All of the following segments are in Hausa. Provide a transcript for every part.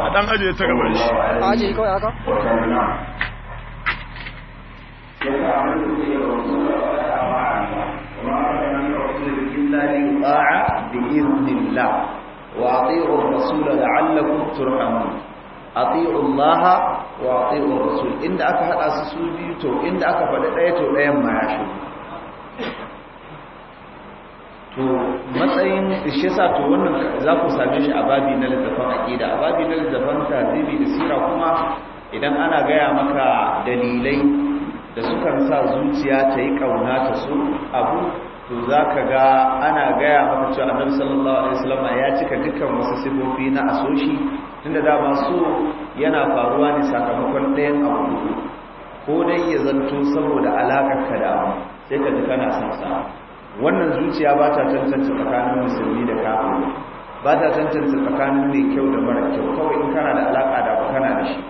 a dan ajiye ta gaban shi a ajiye kawai haka بإذن الله وأطيعوا الرسول لعلكم ترحمون أطيعوا الله وأطيعوا الرسول إن أكهد أسسوا بيوتو إن أكفد أيتو أيما يشوف to matsayin shi sa to wannan za ku same shi a babi na littafin aqida a babi na littafin tarihi da sira kuma idan ana gaya maka dalilai da sukan sa zuciya ta yi kauna ta so abu to za ka ga ana gaya maka cewa annabi sallallahu alaihi wasallam ya cika dukkan wasu sifofi na asoshi tunda da ba so yana faruwa ne sakamakon ɗayan abu ko dai ya zanto saboda alaƙar ka da sai ka ji kana son sa wannan zuciya ba ta tantance tsakanin musulmi da kafiri ba ta tantance tsakanin mai kyau da mara kyau kawai in kana da alaka da kana da shi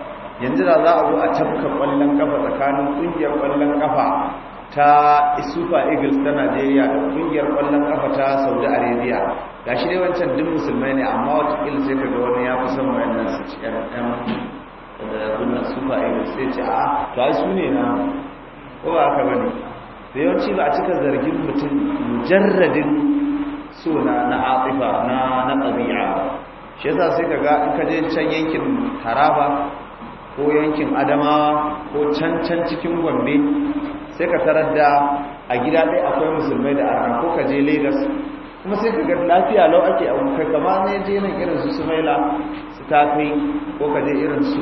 yanzu da za a zo a tafka kwallon kafa tsakanin kungiyar kwallon kafa ta super eagles ta Najeriya da kungiyar kwallon kafa ta saudi arabia ga shi dai wancan duk musulmai ne amma watakila sai kaga wani ya fi son wayannan su ci yan da gudunan super eagles sai ce a ta su ne na ko ba haka bane da yawanci ba a cika zargin mutum mujarradin so na na atifa na na ɗabi'a shi yasa sai kaga in ka je can yankin taraba ko yankin adamawa ko can can cikin gombe sai ka tarar da a gida ɗaya akwai musulmai da arna ko ka je lagos kuma sai ka ga lafiya lau ake a kai kama ne je nan irin su sumaila su tafi ko ka je irin su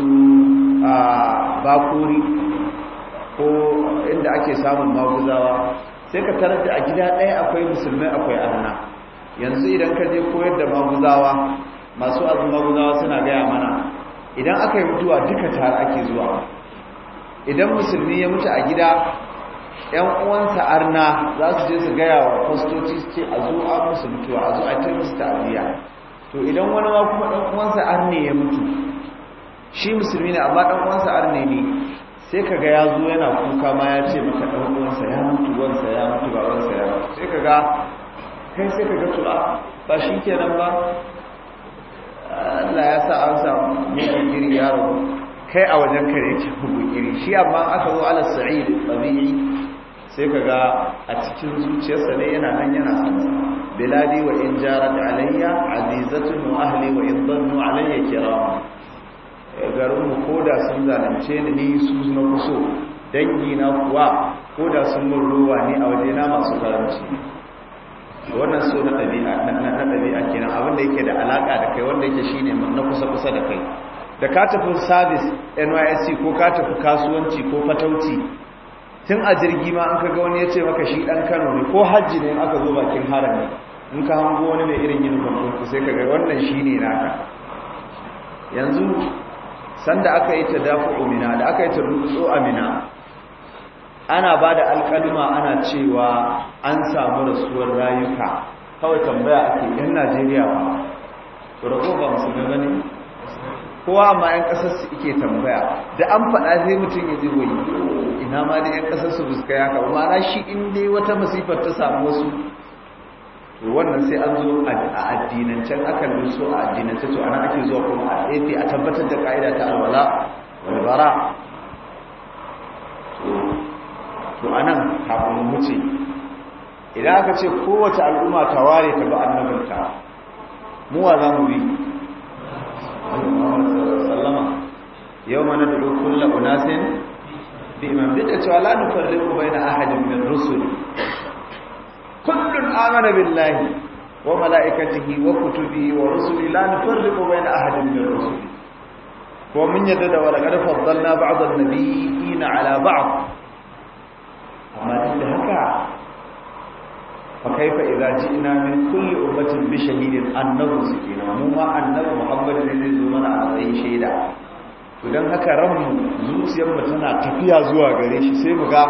a ah, bakuri ko inda ake samun maguzawa sai ka tarar da a gida ɗaya akwai musulmai akwai arna yanzu idan ka je koyar da maguzawa masu azumi maguzawa suna gaya mana idan aka yi mutuwa duka tare ake zuwa idan musulmi ya mutu a gida ‘yan uwansa arna za su je su gaya wa fastoci su ce a zo a musu mutuwa a zo a ta musu ta'aziyya to idan wani ma kuma ɗan uwansa arne ya mutu shi musulmi ne amma ɗan uwansa arne ne sai kaga ya zo yana kuka ma ya ce maka ɗan ya mutu wansa ya mutu ba wansa ya mutu sai kaga kai sai kaga to ba shi kenan ba Allah ya sa an samu mugun ya yaro kai a wajen ka ne ke mugun shi amma aka zo ala sa'id tabi'i sai kaga a cikin zuciyarsa ne yana nan yana sansa biladi wa in jarat alayya azizatun wa ahli wa in dannu alayya kirama garinmu ko da sun zalunce ni ni su na kuso dangi na kuwa ko da sun mun ruwa ne a na masu zalunci wannan so na ɗabi'a na ɗabi'a kenan abin da yake da alaƙa da kai wanda yake shine na kusa kusa da kai da ka tafi sabis NYSC ko ka tafi kasuwanci ko fatauci tun a jirgi ma an ga wani ya ce maka shi dan Kano ne ko hajji ne aka zo bakin harami in ka hango wani mai irin yin bambanci sai ka kaga wannan shine naka yanzu sanda aka yi ta tadafu'u omina da aka yi ta a amina ana ba da alƙalima ana cewa an samu rasuwar rayuka kawai tambaya ake yan najeriya ba rago ba musu gaba ne kowa ma yan kasar su ike tambaya da an faɗa zai mutum ya ji wani ina ma da yan kasar su fuska ya kaba ma'ana shi in wata masifar ta samu wasu to wannan sai an zo a addinancen aka yi a addinance to ana ake zuwa kuma a tsefe a tabbatar da ka'ida ta alwala wal bara to anan kafin wuce idan aka ce kowace al'umma ta ware ta ba annabin mu wa za mu bi sallama yau mana da kulla unasin bi imam duk ta cewa la nufarriqu baina ahadin min rusuli kullun آمن بالله وملائكته وكتبه wa لا نفرق بين أحد من الرسل ahadin يدد rusuli ko mun yadda da بعض kada تدهكا فكيف إذا جئنا من كل amma بشهيد أن نرزقنا fa أن idza محمد min kulli ummatin bi shahidin annahu annabi ne zo mana a shaida haka ranmu zuciyar mu tana tafiya zuwa gare shi sai mu ga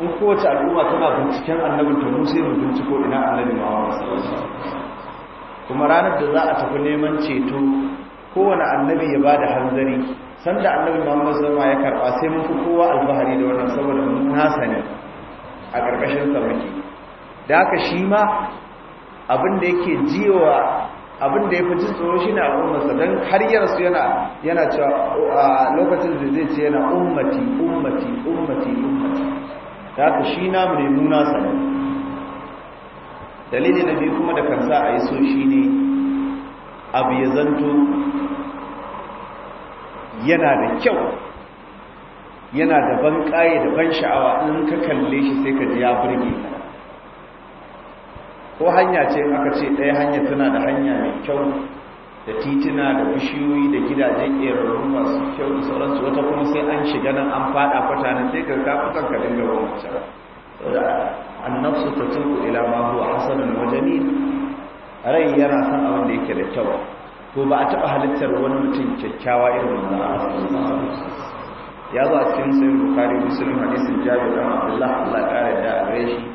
in kowace al'umma tana binciken annabinta ta musu yin binciko ina annabi muhammad sallallahu kuma ranar da za a tafi neman ceto kowane annabi ya bada hanzari sanda annabi muhammad sallallahu ya karba sai mun kowa alfahari da wannan saboda mun nasa ne a karkashin sa da haka shi ma abin da yake jiwa abin da ya fi ji tsoro shi ne a don har yarsu yana yana cewa lokacin da zai ce yana ummati ummati ummati ummati ta haka shi namu ne nuna sani Dalilin da biyu kuma da kansa a yi so shi ne abu ya zanto yana da kyau yana da ban ƙaye da ban sha'awa in ka kalle shi sai ka ji ya burge ko hanya ce aka ce ɗaya hanya tana da hanya mai kyau da titina, da bishiyoyi da gidajen ƙerarru masu kyau da sauransu wata kuma sai an shiga nan an faɗa fata na sai ka kafa kanka dinga gwamnati An annabsu ta tuku ila ma huwa hasanun wajani rai yana son abin da yake da kyau to ba a taɓa halittar wani mutum kyakkyawa irin wannan ya zo a cikin sayin bukari musulun hadisin jabi dan abdullah allah ƙara da a gare shi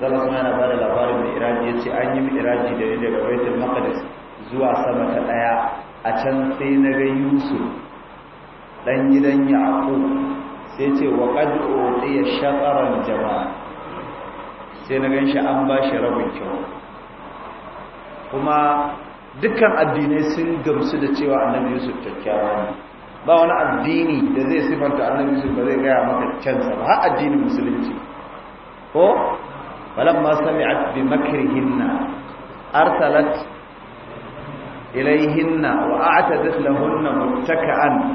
zalasa yana ba da labarin da iraji ya ce an yi iraji da ne daga baitul maqdis zuwa sama ta ɗaya a can sai na ga yusuf ɗan gidan yaƙo sai ce wa ƙaddo ɗaya shaƙarar jama'a sai na ganshi an ba shi rabin kyau kuma dukkan addinai sun gamsu da cewa annabi yusuf kyakkyawa ne ba wani addini da zai sifanta annabi yusuf ba zai gaya maka kyansa ba har addinin musulunci ko falamma sami'at bi makrihinna arsalat إليهن وأعتدت لهن متكئا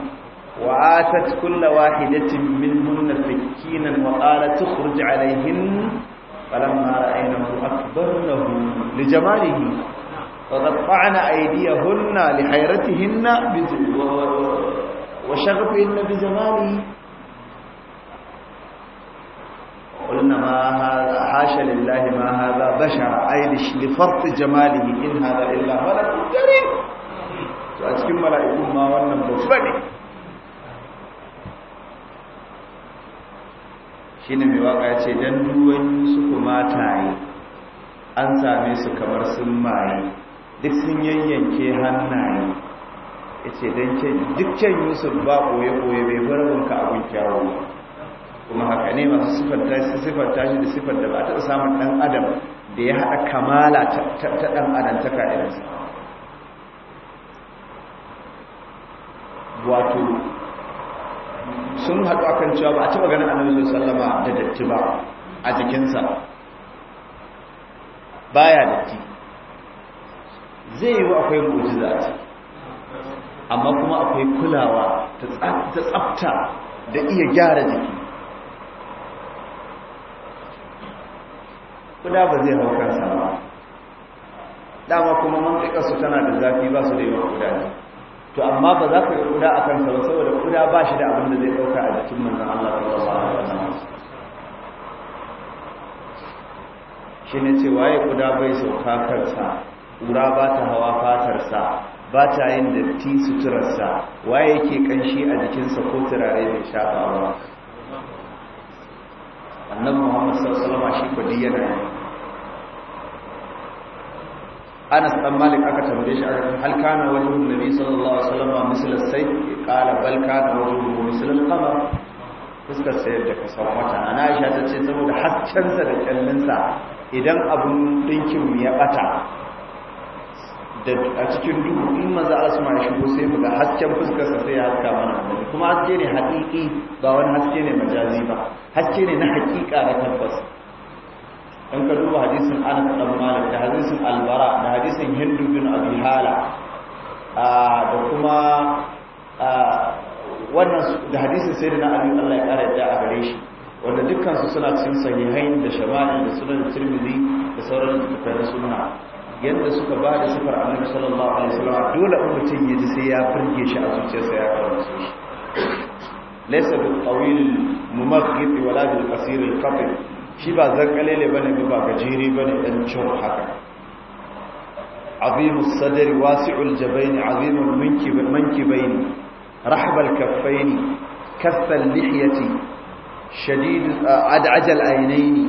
وآتت كل واحدة منهن سكينا وقالت اخرج عليهن فلما رأينه أكبرنه لجماله وقطعن أيديهن لحيرتهن وشغفهن بجماله قلنا ما هذا حاشا لله ما هذا غشع عينش لفرط جماله إن هذا إلا ملك كريم فأتكم ملائكم ما ونم بفني shi ne mai waka ya ce don duwan su kuma tayi an same su kamar sun maye duk sun yayyanke hannaye ya ce duk can yusuf ba koye-koye bai ka abin kyawo kuma haka ne masu siffanta shi da siffar da ba a taɓa samun ɗan adam da ya haɗa kamala ta ɗan adantaka irinsa wato sun haɗu akan cewa ba a taɓa ganin annabi sallama da datti ba a jikinsa Ba ya datti zai yi wa akwai mu'jiza ce amma kuma akwai kulawa ta tsafta da iya gyara jiki kuda ba zai hau kansa ba dama kuma man su tana da zafi ba su da yawan kuda ne to amma ba za ka yi kuda a kansa ba saboda kuda ba shi da abin da zai ɗauka a jikin manzan Allah wasu alaihi wasu shi ne ce waye kuda bai sauka kansa ƙura ba ta hawa fatarsa ba ta yin datti suturarsa waye yake kanshi a jikinsa ko turare mai shafawa annabi Muhammad sallallahu alaihi wasallam shi kudi yana anas dan malik aka tambaye shi hal kana wajhun nabi sallallahu alaihi wasallam misal sai qala bal kana wani misal al-qamar fuskar sai da kasar wata ana aisha ta ce saboda hasken sa da kallin sa idan abun dinkin ya bata da a cikin duhu in maza a asma shi ko sai buga ga hasken fuskar sa sai ya haska mana kuma haske ne haƙiƙi ba wani haske ne majazi ba haske ne na haƙiƙa na tabbas in ka duba hadisin anas dan malik da hadisin albara da hadisin hindu bin abi hala da kuma wannan da hadisin sayyidina ali Allah ya kare da a gare shi wanda dukkan su suna cikin sahihain da shama'il da sunan tirmidhi da sauran littattafan sunna yadda suka ba da sifar annabi sallallahu alaihi wasallam dole in mutum ya ji sai ya furge shi a zuciyarsa ya karanta shi laysa bil qawil mumaghith wala bil qasir al shi ba zarkalele bane ba ba bane dan cin haka azimus sadri wasi'ul jabaini azimul mankib mankibaini rahbal kaffaini kaffal lihiyati shadid ah, adajal aynaini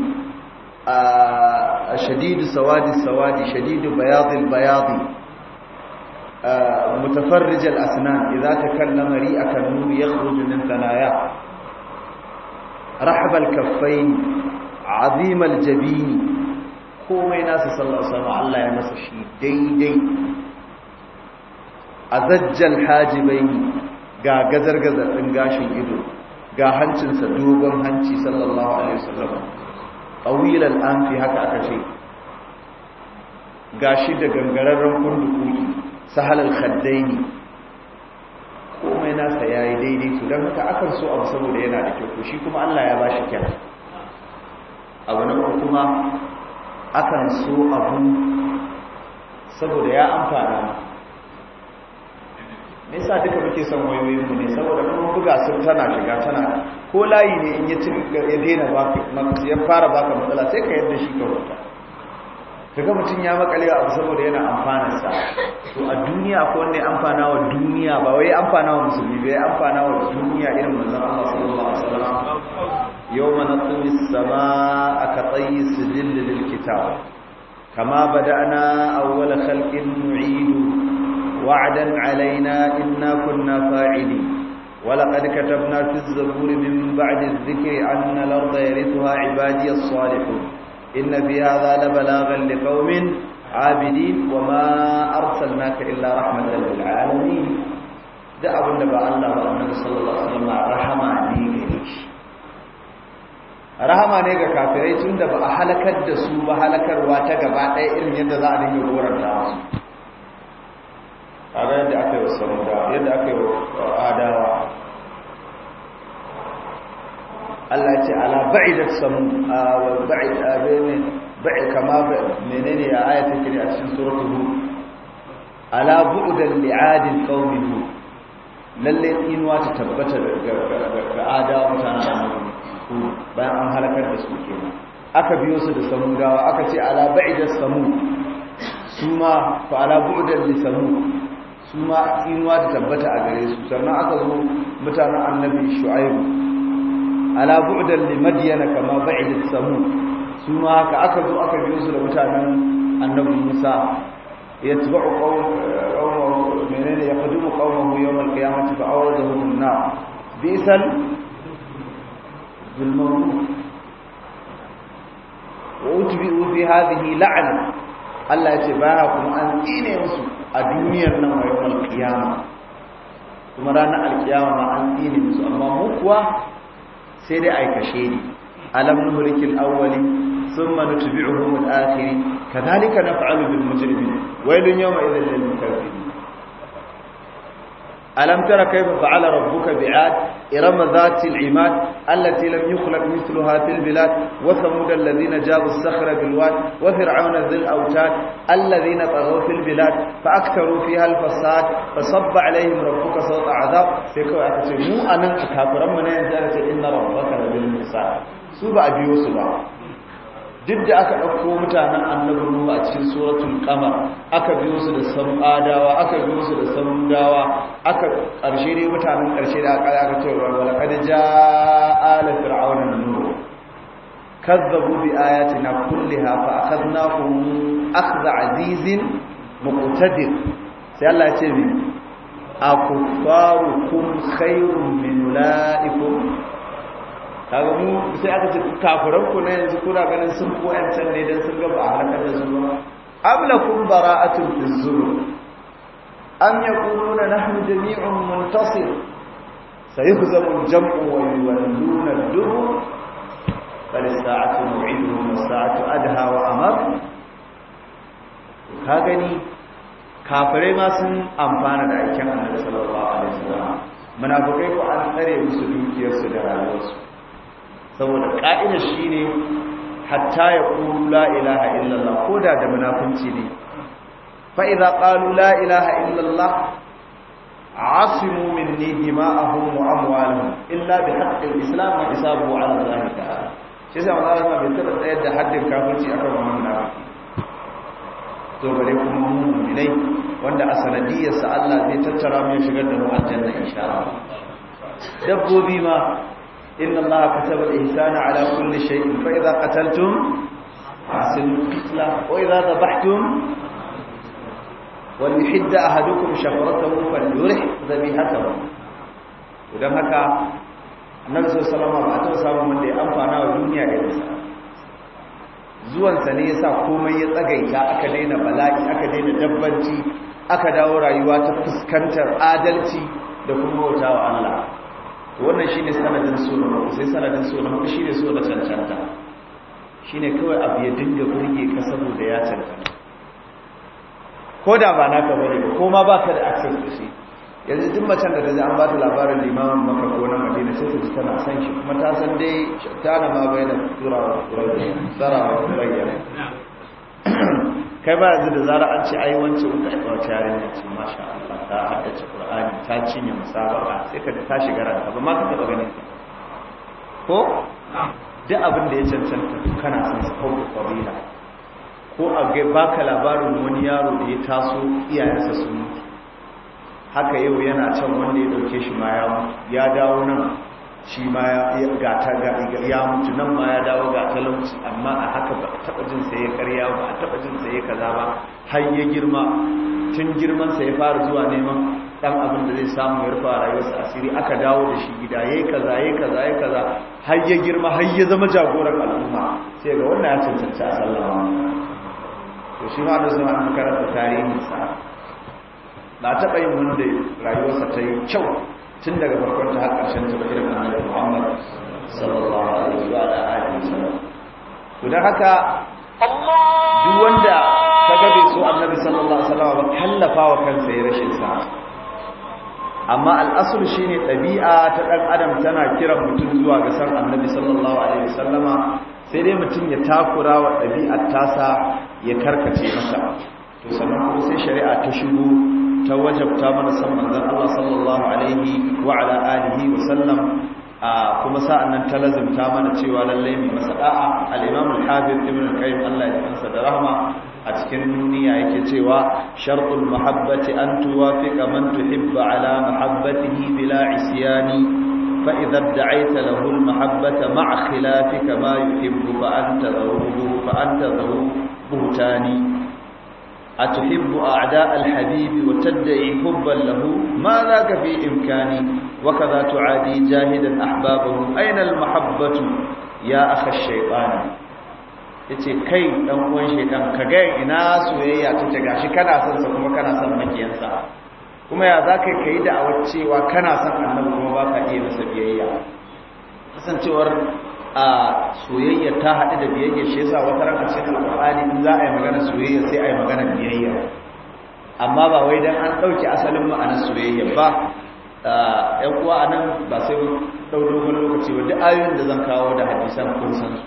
ah, shadid sawadi sawadi shadid bayadil bayadi متفرج الأسنان إذا تكلم ريئك النور يخرج من ثناياه رحب الكفين azimal jabini komai nasa sallallahu alaihi Allah ya masa shi daidai azajjal hajibaini ga gazar gazar din gashin ido ga hancinsa dogon hanci sallallahu alaihi wasallam tawilal anfi haka aka ce gashi da gangararren kundukuki sahalal khaddaini komai nasa yayi daidai su dan haka akan so abu saboda yana da kyau shi kuma Allah ya bashi kyau abu na kuma akan so abu saboda ya amfana me yasa duka muke son wayoyin mu ne saboda kuma buga sun tana shiga tana ko layi ne in ya ci ya daina ka ya fara baka matsala sai ka yadda shi ka huta daga mutum ya makale abu saboda yana amfana sa to a duniya akwai wanda amfana wa duniya ba wai amfana wa musulmi ba amfana wa duniya irin manzon Allah sallallahu alaihi wasallam yawma natwi as-samaa'a ka tayyi sijill lil kitab kama bada'na awwal khalqin nu'idu wa'dan alaina inna kunna fa'ilin ولقد كتبنا في الزبور من بعد الذكر أن الأرض يرثها عبادي الصالحون inna fi hadha la balagan liqaumin abidin wa ma arsalnaka illa rahmatan lil alamin da abin da ba Allah ba annabi sallallahu alaihi wasallam rahama ne gare shi rahama ne ga kafirai tunda ba a halakar da su ba halakarwa ta gaba ɗaya irin yadda za a dinga goranta yadda aka yi wa adawa Allah ce ala ba'idat samu ah, wa ba'id abene ah, ba'i kama menene ya aya take ne a cikin suratul hud ala bu'dal li'ad qaumi hud lalle wa ta tabbata ga adawa mutanen bayan an halakar da su kenan aka biyo su da samun gawa aka ce ala ba'idat samu su ma fa ala bu'dal li samu su ma wa ta tabbata a gare su sannan aka zo mutanen annabi shu'aibu ala bu'dan li madyana kama ba'id samud suma ma haka aka zo aka biyo su da mutanen annabi Musa yatba'u qawmahu menene yaqdumu qawmahu yawm al-qiyamati fa'awadahum an-nar bisal bil mawdu wa utbi'u fi hadhihi la'na Allah ya ce ba baya kuma an tsine musu a duniyar nan wa yawm al-qiyamah kuma ranar alkiyama ma an tsine musu amma mu kuwa sai dai ai kashe ni alam nuhlikil awwali thumma nutbi'uhum al-akhir kadhalika naf'alu bil mujrimin waylun yawma idhil lil mukazzibi alam tara kayfa fa'ala rabbuka bi'ad iram dhatil imad allati lam yukhlaq mithluha fil bilad wa thamud alladhina jabu as-sakhra bil wad wa fir'auna dhil awtad alladhina taghaw fil bilad fa aktharu fiha al fasad fa sabba alayhim rabbuka sawta adab sai ko aka ce mu anan nan mu ne yanzu ce inna rabbaka bil misal su ba biyo su ba duk da aka ɗauko mutanen annabin ruwa a cikin suratul qamar aka biyo su da samun adawa, aka biyo su da samun dawa, aka ƙarshe dai mutanen ƙarshe da aka aka ce wa laqad ja ala fir'auna nuhu kazzabu bi ayatina kulliha fa akhadnahum akhdha azizin muqtadir sai Allah ya ce ni akufarukum khayrun min ulaikum kaga mu sai aka ce kafiran ku na yanzu kuna ganin sun koyan can ne dan sun gaba a harkar da su ba ablakum bara'atun fi zulm am yaquluna nahnu jami'un muntasir sayuhzamu al-jam'u wa yuwalluna ad-dubur فالساعة saatu adha wa وأمر ka gani kafirai ma sun amfana da aikin annabi sallallahu alaihi wasallam munafikai ko an tsare musu dukiyarsu da rayuwarsu saboda ka'idar shine hatta ya qulu la ilaha illallah ko da da munafunci ne fa idza qalu la ilaha illallah عاصموا مني دماءهم واموالهم a بحق الاسلام وحسابه على الله تعالى shi sai Allah ya bai taba tsayar da haddin kafirci akan wannan nawa to bare kuma mu'minai wanda a sanadiyarsa Allah zai tattara mu shigar da mu aljanna insha Allah dabbobi ma إن الله كتب الإنسان على كل شيء فإذا قتلتم فأحسنوا القتلة وإذا ذبحتم وليحد أحدكم شفرته فليرح ذبيحته idan haka annabi sallallahu alaihi wasallam ba ta samu wanda ya amfana wa duniya da zuwan sa ne yasa komai ya tsagaita aka daina bala'i aka daina dabbanci aka dawo rayuwa ta fuskantar adalci da kuma wa Allah to wannan shine sanadin so ko sai sanadin so na shine so cancanta shine kawai abu ya dinga burge ka saboda ya cancanta ko da ba naka bane ba ko ma baka da access da shi yanzu duk macen da ta an ba ta labarin limamin maka ko na madina sai ta ji tana san shi kuma ta san dai shaitana ma bai da turawa turawa tsarawa bayyana kai ba yanzu da zara an ci ai wancan wata aka wata yare ne ce masha Allah ta haddace Qur'ani ta cinye musabaka sai ka ta shiga ranka ba ma ka taba ganin ko duk abin da ya cancanta kana son su kawo kabila ko a ga baka labarin wani yaro da ya taso iyayensa sun mutu haka yau yana can wanda ya dauke shi ma ya dawo nan shi ma ya gata ya mutu nan ma ya dawo ga talauci amma a haka ba a taba jin ya karya ba a taba jin sa ya kaza ba har ya girma tun girman sa ya fara zuwa neman dan abin da zai samu ya rufa rayuwarsa asiri aka dawo da shi gida yayi kaza yayi kaza yayi kaza har ya girma har ya zama jagoran al'umma sai ga wannan ya cancanci a sallama to shi ma da zama an karanta tarihin sa na taba yin wanda rayuwarsa ta yi kyau tun daga farkon ta har shan ta irin annabi Muhammad sallallahu alaihi wa alihi wasallam to dan haka duk wanda ka gabe su annabi sallallahu alaihi wasallam ba kallafa wa kansa ya rashin sa amma al'asul shine ɗabi'a ta ɗan adam tana kiran mutum zuwa ga san annabi sallallahu alaihi wasallama sai dai mutum ya takura wa ɗabi'a tasa ya karkace masa to sannan kuma sai shari'a ta shigo ta wajabta mana san manzon Allah sallallahu alaihi wa ala alihi wa sallam kuma sa'an nan ta mana cewa lallai mai masa da'a al-imam al-hafiz ibn al-qayyim Allah ya kansa da rahma a cikin duniya yake cewa shartul mahabbati an tuwafiqa man tuhibba ala mahabbatihi bila isyani fa idza da'aita lahu al-mahabbata ma'a khilafika ma yuhibbu fa anta fa anta buhtani أتحب أعداء الحبيب وتدعي حبا له ما ذاك في إمكاني وكذا تعادي جاهدا أحبابه أين المحبة يا أخ الشيطان yace kai dan uwan shedan ka ga ina soyayya ta gashi kana son sa kuma kana son makiyansa kuma ya zaka kai da awar cewa kana son annabi kuma baka iya masa biyayya kasancewar a soyayya ta haɗu da biyayya shi yasa wata ran cikin alƙur'ani in za a yi magana soyayya sai a yi magana biyayya amma ba wai dan an ɗauke asalin ma'anar soyayya ba ƴan uwa a nan ba sai mun ɗau lokaci ba duk ayoyin da zan kawo da hadisan kun san su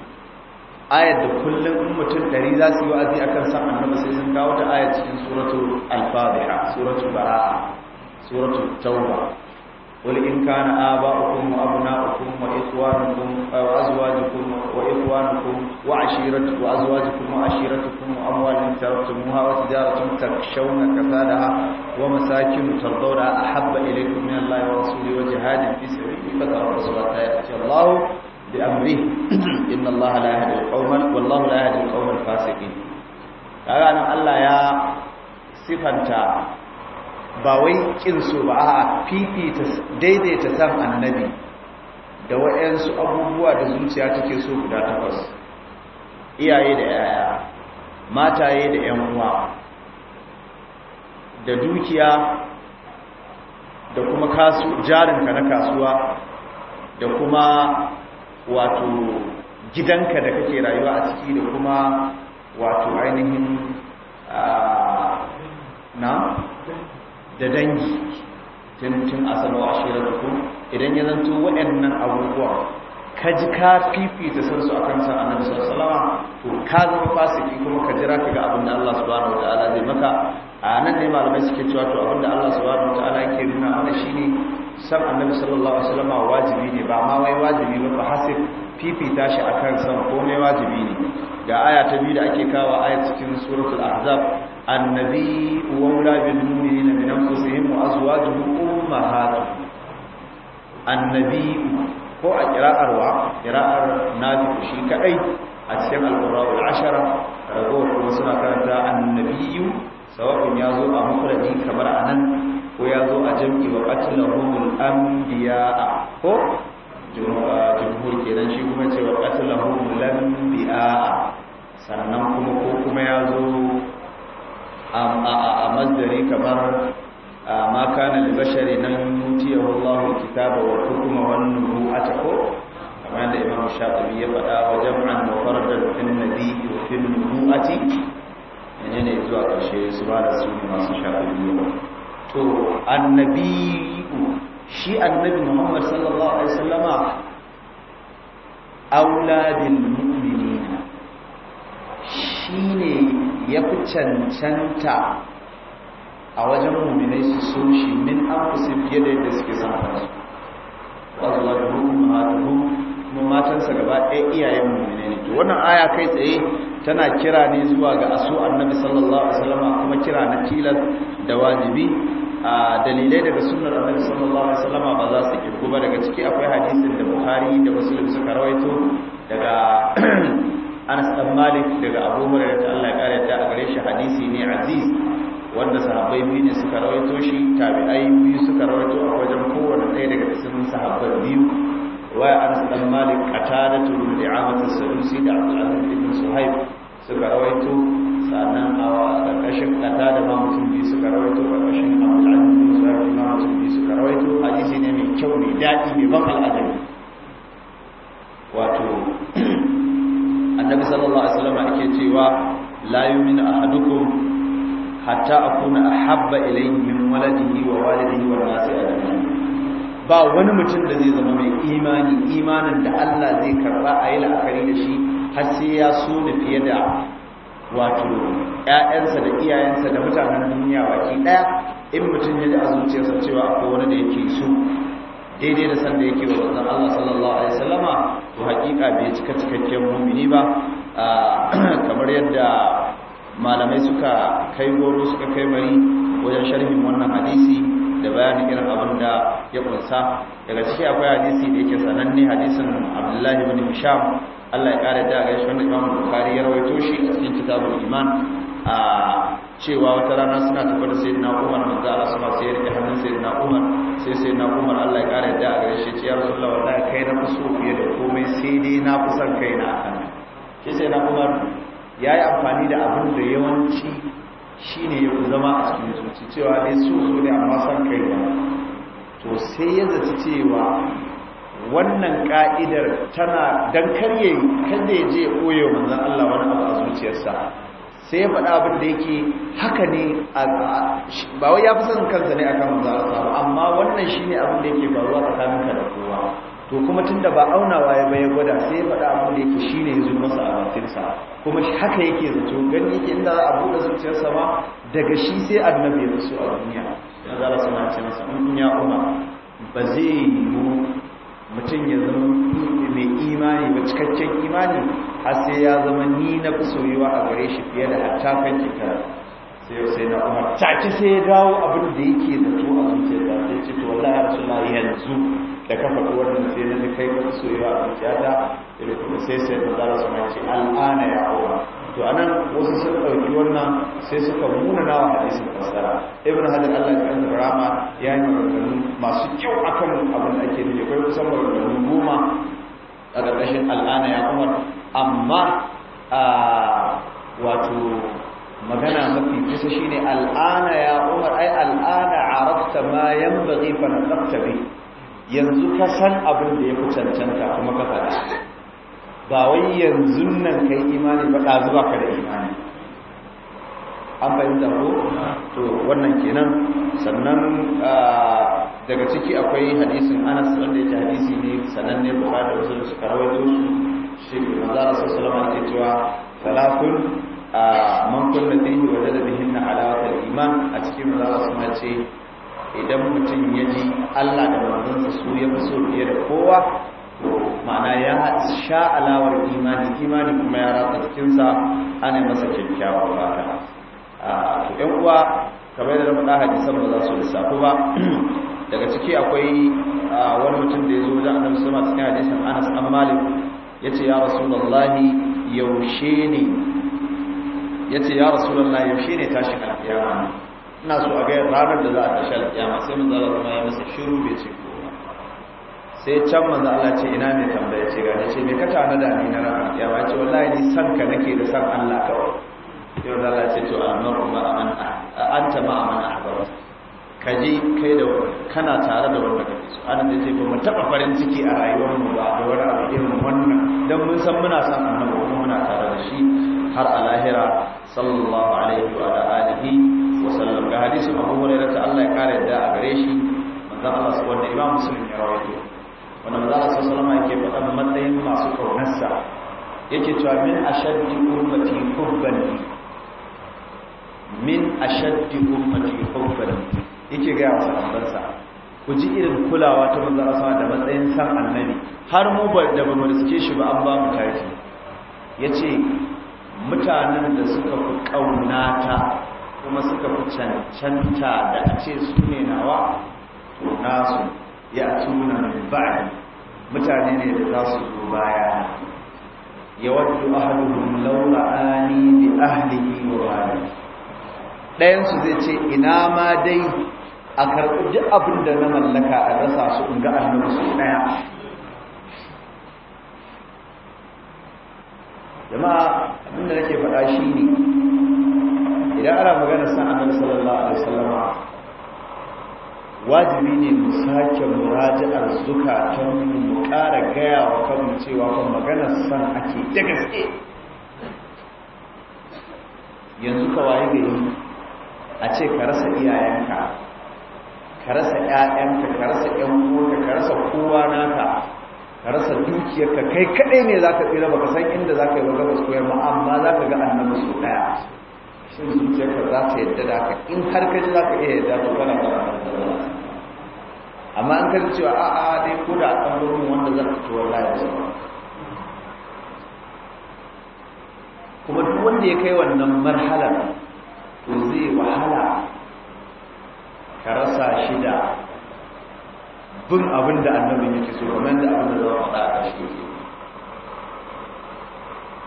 ayar da kullum in mutum ɗari za su yi wa'azi akan san annabi sai sun kawo da ayar cikin suratul al-fatiha suratul bara'a suratul tauba قل إن كان آباؤكم وأبناؤكم وإخوانكم وأزواجكم وإخوانكم وعشيرتكم وأزواجكم وعشيرتكم وأموال تركتموها وتجارة تخشون كسادها ومساكن ترضونها أحب إليكم من الله ورسوله وجهاد في سبيله فتربصوا حتى يأتي الله بأمره إن الله لا يهدي القوم والله لا يهدي القوم الفاسقين. قال أنا الله يا صفة ba wai so ba a fifita daidaita san annabi da wa'yansu abubuwa da zuciya take so guda takwas iyaye da yaya mataye da yan uwa da dukiya da kuma kasu jarinka na kasuwa da kuma wato gidanka da kake rayuwa a ciki da kuma wato ainihin ah, na da dangi tuntun asalo a shirarku idan ya zanto waɗannan abubuwa ka ji ka fifita san su a kan san annabi sallallahu to ka zama fasiki kuma ka jira ka ga abin da Allah subhanahu wataala zai maka a nan ne malamai suke cewa to abin da Allah subhanahu wataala yake nuna mana shine san annabi sallallahu alaihi wasallam wajibi ne ba ma wai wajibi ba fa hasib fifita shi akan san komai wajibi ne ga aya ta biyu da ake kawo aya cikin suratul ahzab annabi wa ula bil mu'minina min anfusihim wa azwajuhum ummahatuhum annabi ko a qira'ar wa qira'ar nabi shi kadai a cikin al-qur'an ashara ko kuma suna karanta annabi sawabin ya zo a mufradi kamar anan ko ya zo a jam'i wa qatlahumul anbiya ko jumhur kenan shi kuma ce wa qatlahumul anbiya sannan kuma ko kuma ya zo a mazdari kamar ma kana li bashari nan mutiya wallahu kitaba wa hukuma wa nubuwata ko kamar da imam shafi ya faɗa wa jam'an da fardar fil nabiyyi wa fil nubuwati yana ne zuwa ƙarshe su ba da su masu shafi to annabi shi annabi muhammad sallallahu alaihi wasallama aula bil mu'minina shine ya fi cancanta a wajen muminai su so shi min an kusa fiye da yadda suke son su. wazalaru ma'adu kuma matansa gaba ɗaya iyayen muminai ne to wannan aya kai tsaye tana kira ne zuwa ga asu annabi sallallahu alaihi wasallam kuma kira na tilas da wajibi a dalilai daga sunnar annabi sallallahu alaihi wasallam ba za su ƙirƙu ba daga ciki akwai hadisin da Buhari da muslim suka rawaito daga Anas dan Malik daga Abu Hurairah ta Allah ya kare ta a gare shi hadisi ne aziz wanda sahabbai biyu ne suka rawaito shi tabi'ai biyu suka rawaito a wajen kowanne ɗaya daga cikin sahabban biyu wa Anas dan Malik qatadatu bin Di'amat as-Sadusi da Abdullah ibn Suhaib suka rawaito sannan a ƙarƙashin ƙata da ma mutum biyu suka rawaito ƙarƙashin Abdullah ibn Suhaib ma mutum biyu suka rawaito hadisi ne mai kyau mai daɗi mai bakal al'adari wato annabi sallallahu alaihi wasallam yake cewa la yu'minu ahadukum hatta akuna ahabba ilayhi min waladihi wa walidihi wa nasi ajma'in ba wani mutum da zai zama mai imani imanin da Allah zai karba a yi la'akari da shi har sai ya so da fiye da wato ƴaƴansa da iyayensa da mutanen duniya baki ɗaya in mutum ya ji a zuciyarsa cewa akwai wani da yake so daidai da sanda yake wa wanzan Allah sallallahu alaihi wasallama to hakika bai cika cikakken mumini ba ah, kamar yadda malamai suka kai goro suka kai mari wajen sharhin wannan hadisi da bayanin irin abin da ya kunsa daga ciki akwai hadisi da yake sananne hadisin Abdullahi ibn Hisham Allah ya kare da shi wanda Imam Bukhari ya rawaito shi a cikin kitabul Iman a cewa wata rana suna tafi da na Umar za a sama sai ya rike hannun na Umar sai sai na Umar Allah ya kare da gare shi ya lawa da kai na fi so fiye da komai sai dai na fi son kai na akan shi na Umar ya yi amfani da abin da yawanci ne ya zama a cikin zuci cewa dai so so ne amma son kai ba to sai ya zaci cewa wannan ka'idar tana don karye kada ya je koyo manzan Allah wani abu a zuciyarsa sai ya faɗa abin da yake haka ne ba wai ya fi son kansa ne akan zarasa ba amma wannan shi ne abin da yake faruwa tsakaninka da kowa to kuma tun da ba aunawa ya bayan gwada sai ya faɗa abin da yake ya yanzu masa a bakinsa kuma haka yake zato gani yake inda za a buɗe zuciyar sama, daga shi sai annabi ya rasu a duniya za a sama in ya ba zai mutum ya zama mai imani ba cikakken imani har sai ya zama ni na fi soyuwa a gare shi fiye da hatta kan kika sai sai na kuma take sai ya dawo abin da yake da to a zuciya da ta ce to wallahi rasulullahi yanzu da kafa faɗi wannan sai na kai mafi soyuwa a zuciya da kuma sai sai da zara su ce al'ana ya aura to anan wasu sun ɗauki wannan sai suka muna nawa hadisin fassara ibn hajar allah ya kan rama ya yi maganganu masu kyau akan abin da ake nufi akwai kusan maganganu goma a ƙarƙashin al'ana ya umar amma wato magana mafi kusa shine al'ana ya umar ai al'ana arafta ma yanbaghi fa nadaqta yanzu ka san abin da ya fi cancanta kuma ka faɗa ba wai yanzu nan kai imani ba zuwa kada ka da imani an fahimta ko to wannan kenan sannan daga ciki akwai hadisin anas wanda yake hadisi ne sananne ba da wasu da suka rawaito shi shi manzo Allah sallallahu alaihi cewa salatun man kunna fihi bihin na alawata iman a cikin manzo Allah ce idan mutum ya ji Allah da manzansa su ya fi so fiye da kowa ma'ana ya sha alawar imani imani kuma ya ratsa cikinsa ana masa kyakkyawa ba ka a yan uwa kamar da faɗa hadisan ba za su lissafu ba daga ciki akwai wani mutum da ya zo wajen annabi sama cikin hadisin anas an malik ya ce ya rasulallahi yaushe ne ya ce ya rasulallahi yaushe ne tashi alƙiyama ina so a ga ranar da za a tashi alƙiyama sai mun zara zama ya masa shiru bai ce sai can manzo Allah ce ina mai tambaya ce ga ce me ka da ni na ranar ya ce wallahi ni san ka nake da san Allah kawai sai manzo Allah ce to almaru ma an anta ma man ahbara ka je kai da kana tare da wanda kake so an ce ba mu taba farin ciki a rayuwar mu ba da wani abu irin wannan dan mun san muna san annabi kuma muna tare da shi har a lahira sallallahu alaihi wa alihi wa sallam ga hadisin Abu Hurairah Allah ya kare da a gare shi manzo Allah subhanahu wa ta'ala Imam Muslim ya rawaito wanda za a ke yake matsayin masu ƙaunarsa yake cewa min a shaddi ummati hubbani min a shaddi ummati hubbani yake gaya wasu sahabbansa ku ji irin kulawa ta manzo sama da matsayin san annabi har mu ba da bamu riske shi ba an ba mu Ya ce mutanen da suka fi kaunata kuma suka fi cancanta da ce su ne nawa to nasu ya tuna min ba'di mutane ne da za su zo baya ya yawaddu ahaduhum laula ra'ani bi ahlihi wa walidi dayan su zai ce ina ma dai a karɓi duk abin da na mallaka a rasa su in ga annabi su daya jama'a abin da nake faɗa shine idan ana magana san annabi sallallahu alaihi wasallam wajibi ne mu sake muraji'ar zukatan mu ƙara gaya wa kanmu cewa ko maganar san ake da gaske yanzu ka waye gari a ce ka rasa iyayenka ka rasa ƴaƴanka ka rasa ƴan uwanka ka rasa kowa naka ka rasa dukiyarka kai kaɗai ne zaka tsira baka san inda zaka yi ba gabas ko amma zaka ga annabi su daya shin zuciyarka za ta yadda da haka in har ka ji za ka iya yadda to kana da amma an kan cewa a a dai ko da an gurin wanda zan fito laye ba kuma duk wanda ya kai wannan marhalar to zai wahala ka rasa shida bin abin da annabin yake so kamar da abin da zama faɗa a ƙarshe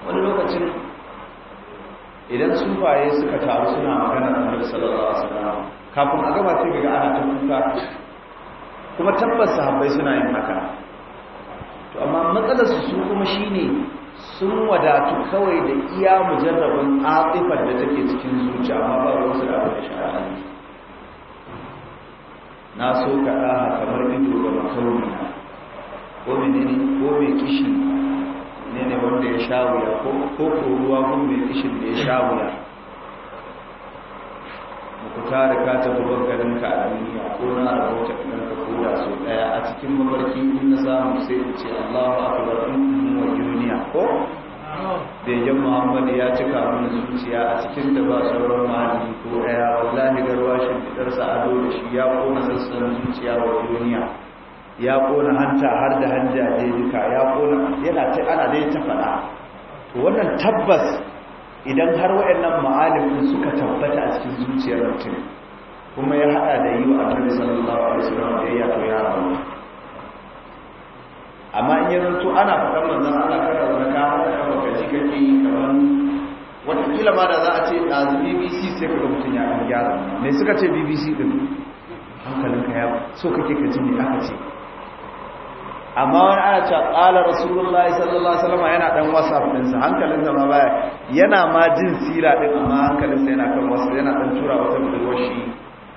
wani lokacin idan sufaye suka taru suna magana da Annabi sallallahu alaihi wasallam kafin a gaba take ga ana ta kuka kuma tabbas sahabbai suna yin haka to amma matsalar su kuma shine sun wadatu kawai da iya mujarrabin atifar da take cikin zuciya amma ba ruwan su da abin da na so ka kamar ido ga makauni ko menene ko mai kishi ne ne wanda ya sha wuya ko ruwa kun mai kishin da ya sha wuya ku tare ka ta gaban garin ka a duniya ko na rahota ɗan ka koda so ɗaya a cikin mafarki in na samu sai in ce allahu akbar in wa duniya ko begen muhammadu ya cika mana zuciya a cikin da ba sauran mali ko ɗaya wallahi garwashin fitarsa ado da shi ya koma sassan zuciya wa duniya ya kona hanta har da hanja ne duka ya kona yana ta ana dai ta fada wannan tabbas idan har wayannan ma'alimin suka tabbata a cikin zuciyar mutum kuma ya hada da yi wa annabi sallallahu alaihi wasallam da ya koya ya rabu amma in ya to ana faɗan manzon Allah kada wani ka hada ka baka ji kake kaman kila ma da za a ce a bbc sai ka ga mutum ya gyara ne suka ce bbc din hankalinka ya so kake ka ji ne aka ce amma wani ana cewa ƙala rasulullah sallallahu alaihi wasallam yana dan whatsapp sa hankalin ma baya yana ma jin sira ɗin amma sa yana kan wasu yana dan tura wata budurwar shi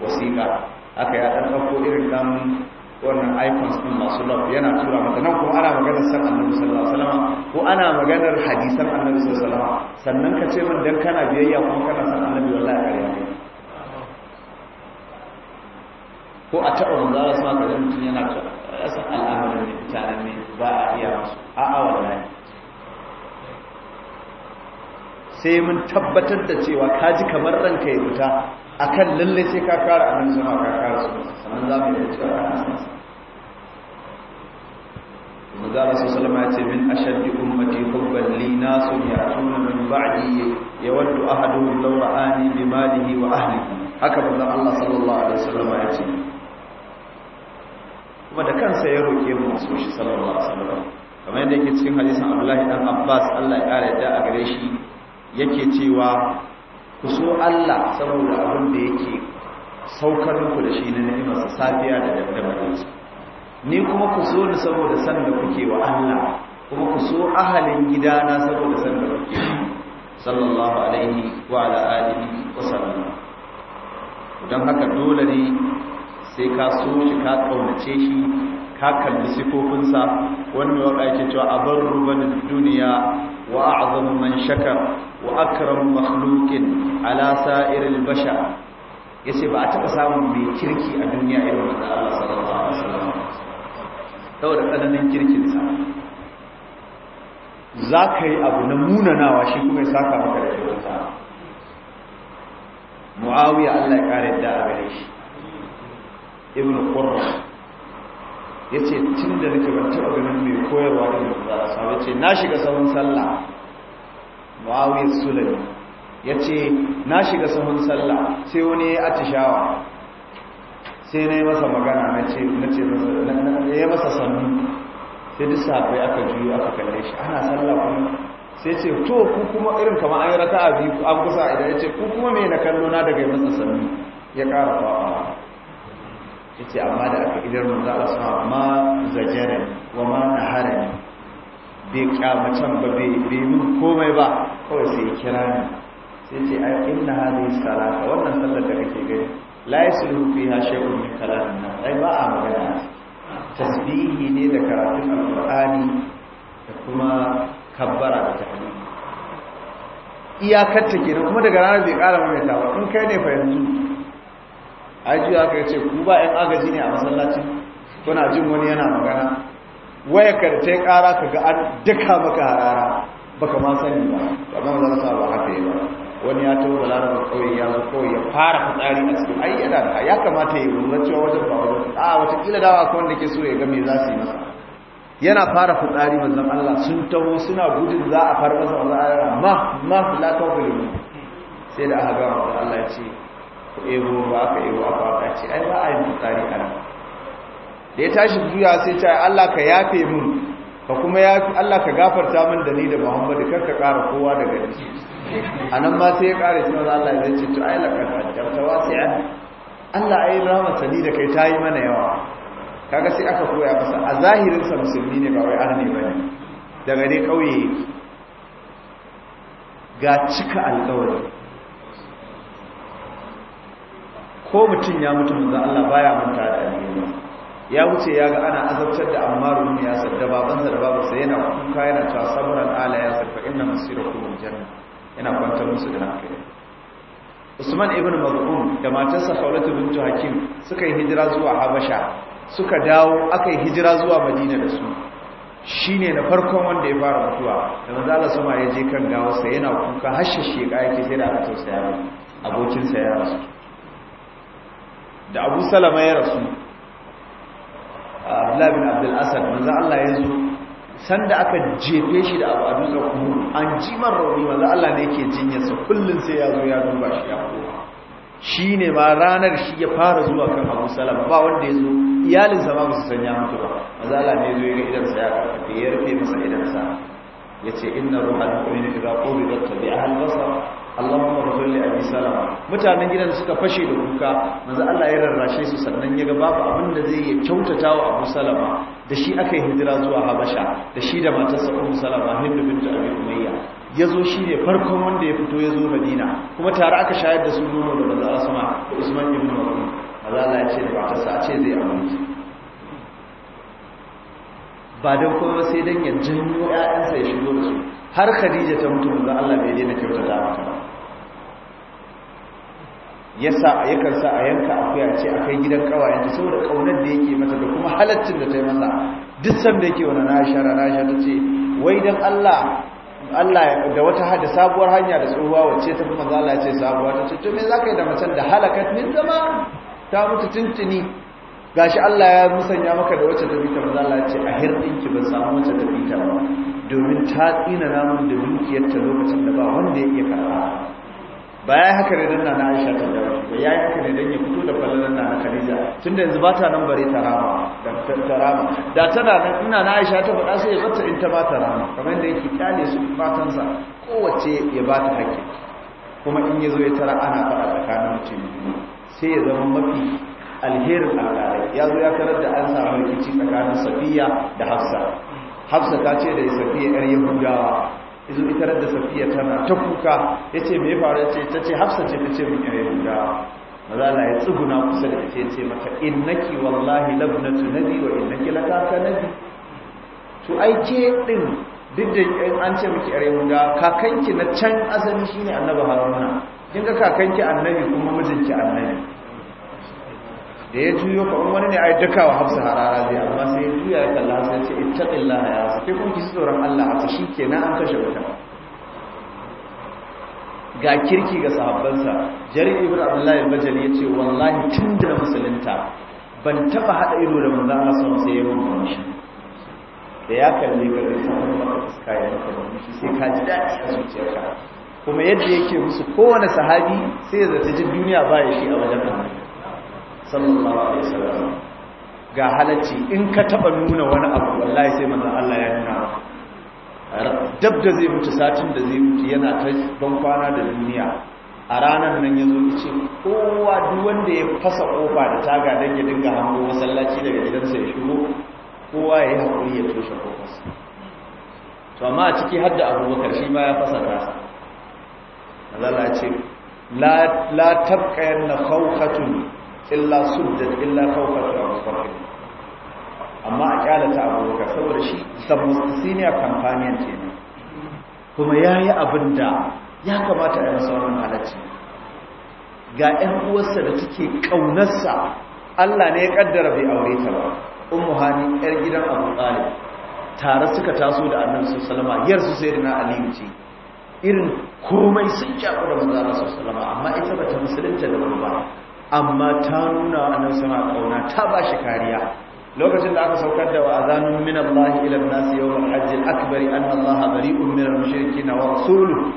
wasiƙa haka ya dan ɗauko irin dan wannan icons din masu love yana tura mata nan kuma ana maganar san annabi sallallahu alaihi wasallam ko ana maganar hadisan annabi sallallahu alaihi wasallam sannan ka ce min dan kana biyayya kuma kana san annabi wallahi kariya ko a taɓa mu zara su maka mutum yana san al'amarin da mutanen ne ba a iya masu a'a wallahi sai mun tabbatar da cewa ka ji kamar ranka ya fita kan lalle sai ka kara annabi sama ka kara su sannan za mu yi cewa a san sa Manzara salama ya ce min ashaddi ummati hubban li nasu ya'tuna min ba'di yawaddu ahaduhum law ra'ani bi malihi wa ahlihi haka manzon Allah sallallahu alaihi wasallam ya ce kuma da kansa ya roƙe mu so shi sallallahu alaihi wasallam kamar yadda yake cikin hadisin Abdullahi dan Abbas Allah ya kare da a gare shi yake cewa ku so Allah saboda abin da yake saukar muku da shi na ni'imar safiya da daddare ni kuma ku so ni saboda san da kuke wa Allah kuma ku so ahalin gidana saboda san da kuke sallallahu alaihi wa ala alihi wa sallam don haka dole ne sai ka so shi ka kaunace shi ka kalli sifofinsa wani mai waka yake cewa abar ruban duniya wa a'zamu man shakar wa akram makhluqin ala al bashar yace ba a taba samun mai kirki a duniya irin da Allah sallallahu alaihi wasallam saboda tsananin kirkin za ka yi abu na munanawa shi kuma ya saka maka da sa mu'awiya Allah ya kare da a shi ibn qurra yace tun da nake ban taɓa ganin mai koyarwa da manzo sa yace na shiga sahun sallah muawiya sulami yace na shiga sahun sallah sai wani ya atishawa sai na yi masa magana na ce na ya masa sannu sai duk safai aka juyo aka kalle shi ana sallah kuma sai ce to ku kuma irin kamar an yi raka a biyu an kusa idan ya ce ku kuma me na kallo na daga masa sannu ya ƙara fa'a yace amma da aka mun za a sa ma zajara wa ma nahara bai kyamatan ba bai bi mun komai ba kawai sai kira ni sai ce a inna hadhihi salata wannan sallar da kake gani la yasluhu fiha shay'un min kalamin nas ai ba a magana tasbihi ne da karatun alqur'ani da kuma kabbara da tahmid iyakar take kenan kuma daga ranar bai kara maimaita ba in kai ne fa yanzu ajiyu aka yi ce ku ba 'yan agaji ne a masallacin kuna jin wani yana magana waya karce kara ka ga an duka maka harara baka ma sani ba amma ba za ba haka yi ba wani ya tawo larabar kawai ya zo kawai ya fara fitsari a cikin ai yana da ya kamata ya yi cewa wajen ba wajen a kila dawa ko wanda ke so ya ga me za su yi masa yana fara fitsari manzon Allah sun taho suna gudun za a fara masa wani ma ma la tawfilu sai da aka ga Allah ya ce ebo ba ka ebo aka aka ce ai ba a yi fitsari a nan da ya tashi juya sai ta Allah ka yafe mun ka kuma ya Allah ka gafarta min da ni da Muhammadu kar ka ƙara kowa daga ni a nan ma sai ya ƙara shi maza Allah ya ce to ai lakar ta wasi wasi'a Allah ai rahmata ni da kai ta yi mana yawa kaga sai aka koya masa a zahirinsa musulmi ne ba wai arne ba ne daga ne ƙauye ga cika alƙawari ko mutum ya mutu da Allah baya manta da alheri ya wuce ya ga ana azabtar da Ammar ibn Yasir da sa da sa yana kuka yana ta sabran ala ya fa inna masirakum janna yana kwantar musu da hankali Usman ibn Maz'un da matarsa Khawlatu bint Hakim suka yi hijira zuwa Habasha suka dawo aka yi hijira zuwa Madina da su shine na farkon wanda ya fara mutuwa da manzo Allah sama ya je kan sai yana kuka hashe shi ga yake sai da aka tausaya abokin sa ya rasu da abu salama ya rasu abdullahi bin abdul asad Allah ya zo sanda aka jefe shi da abu abin zaku an ji man rauni maza Allah ne ke jinyarsa kullum sai ya zo ya duba shi ya kowa shi ne ma ranar shi ya fara zuwa kan abu salama ba wanda ya zo iyalinsa ma ba su sanya mutu ba Maza Allah ne ya zo ya ga idansa ya karfe ya rufe masa idansa yace inna ruhal mu'mini idza qubida tabi'a Allahumma salli ala salama mutanen gidan suka fashe da kuka manzo Allah ya rarrashe su sannan ya ga babu abin da zai yi kyautata wa Abu Salama da shi aka yi hijira zuwa Habasha da shi da matarsa Ummu Salama Hind bint Abi Umayya yazo shine farkon wanda ya fito yazo Madina kuma tare aka shayar da su nono da manzo Asma da Usman ibn Affan manzo Allah ya ce da matarsa a ce zai amince ba don kuma sai dan ya janyo ƴaƴansa ya shigo da su har Khadija ta mutum da Allah bai daina kyautata mata ba ya sa a yakan sa a yanka akuya ce a kai gidan kawayen ta saboda kaunar da yake mata da kuma halaccin da ta yi masa duk san da yake nasha na, nasha ta ce wai don Allah Allah da wata da sabuwar hanya da tsohuwa wacce ta fi maza Allah ya ce sabuwa ta ce to za ka yi da macen da halakat min zama ta mutu tuntuni gashi Allah ya musanya maka da wacce ta bi ta Allah ce a hirdin ki ban samu wacce ta bi ba domin ta tsina namun da dukiyar ta lokacin da ba wanda ya iya karba ba ya haka ne dan na Aisha ta dawo ba ya haka ne don ya fito da falalar na Khadija tunda yanzu ba ta nan bare tarama da tarama da tana nan ina na Aisha ta faɗa sai ya zata in ta ba ta rama. kamar da yake kyale su fatansa kowace ya ba ta hakki kuma in zo ya tara ana faɗa tsakanin mutum sai ya zama mafi alherin alƙalai ya zo ya karar da an samu rikici tsakanin Safiya da Hafsa Hafsa ta ce da ya Safiya yar Yahudawa izo ita da safiya tana ta kuka ya ce mai faru ce ta ce hafsa ce ta ce min yare guda mazala ya tsuguna kusa da ce ce mata innaki wallahi labnatu nabi wa in naki lakaka nabi to ai ke din duk da an ce miki yare guda kakanki na can asali shine annabi haruna kin ga kakanki annabi kuma mijinki annabi da ya juyo ka wani ne ai duka wa hafsa harara zai amma sai ya juya ya kalla sai ce illa ya sa ke kun ki tsoron Allah a shi na an kashe wuta ga kirki ga sahabbansa jarir ibn abdullahi ya ya ce wallahi tun da musulunta ban taba haɗa ido da manzo Allah sallallahu alaihi sai ya shi da ya kalli ga da sanin ya sai ka ji daɗi a zuciyarka kuma yadda yake musu kowane sahabi sai ya zata jin duniya baya shi a wajen Allah sallallahu alaihi wasallam ga halacci in ka taba nuna wani abu wallahi sai manzo Allah ya nuna dab da zai mutu satin da zai mutu yana ta ban kwana da duniya a ranar nan ya zo kowa duk wanda ya fasa kofa da taga dan ya dinga hango masallaci daga gidansa ya shigo kowa ya yi haƙuri ya toshe kofarsa to amma a ciki har da abubakar shi ma ya fasa tasa Allah ce la tabqayanna khawqatun illa sujjat illa al abubakar amma a kyalata abubakar saboda shi saboda senior companion ce ne kuma ya yi abin ya kamata a sauran masa halacci ga 'yan uwarsa da take ƙaunarsa Allah ne ya ƙaddara bai aure ta ba ummu hani 'yar gidan abu talib tare suka taso da annabi sallama yar su sai na aliyu ce irin komai sun kyaku da manzo alaihi wasallam amma ita bata musulunta da ba amma ta nuna annan suna ƙauna ta ba shi kariya lokacin da aka saukar da wa'azanun min Allah ila an-nas yawm al-hajj al-akbar anna Allah bari'un min al wa rasuluhu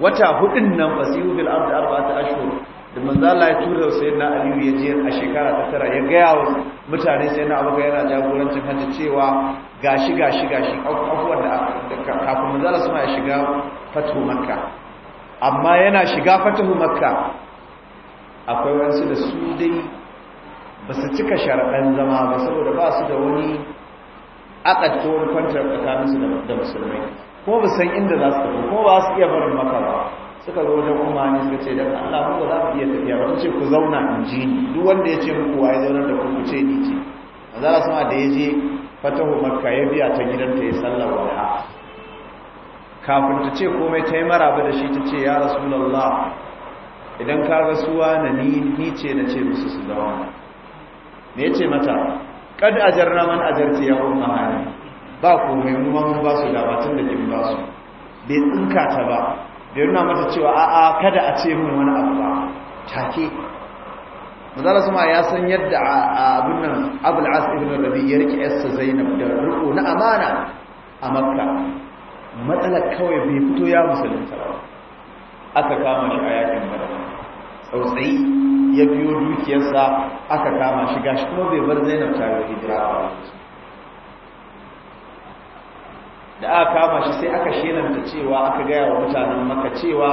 wata hudun nan fasihu bil ardi arba'ata ashhur da manzo Allah ya tura sayyidina Ali ya je a shekara ta tara ya ga yawo mutane sayyidina Abu yana jagorancin hajji cewa gashi gashi gashi abubuwan da kafin manzo Allah ya shiga fatu makka amma yana shiga fatu makka akwai wansu da su dai ba su cika sharaɗan zama ba saboda ba su da wani akatto kwantar tsakaninsu da musulmai kuma ba san inda za su tafi kuma ba su iya barin maka ba suka zo wajen umma ne suka ce don Allah mu za ku iya tafiya ba ce ku zauna in ji ni duk wanda ya ce muku ya zaunar da ku ce ni ce su ma da ya je fatahu makka ya biya ta gidanta ya sallar wada kafin ta ce komai ta yi ba da shi ta ce ya rasulullah idan ka rasuwa na ni ni ce na ce musu su zama ne ce mata kad ajar na man ajarci ya umma hani ba komai mai kuma mun ba su dama tun da kin ba su bai tsinka ta ba bai nuna mata cewa a'a kada a ce mun wani abu ba take manzala suma ya san yadda abin nan abul as ibn rabi ya rike yarsa zainab da riko na amana a makka matsalar kawai bai fito ya musulunta ba aka kama shi a yakin bada tsautsayi ya biyo dukiyarsa aka kama shi gashi kuma bai bar zainab ta yi hijira ba da aka kama shi sai aka shelanta cewa aka gaya wa mutanen maka cewa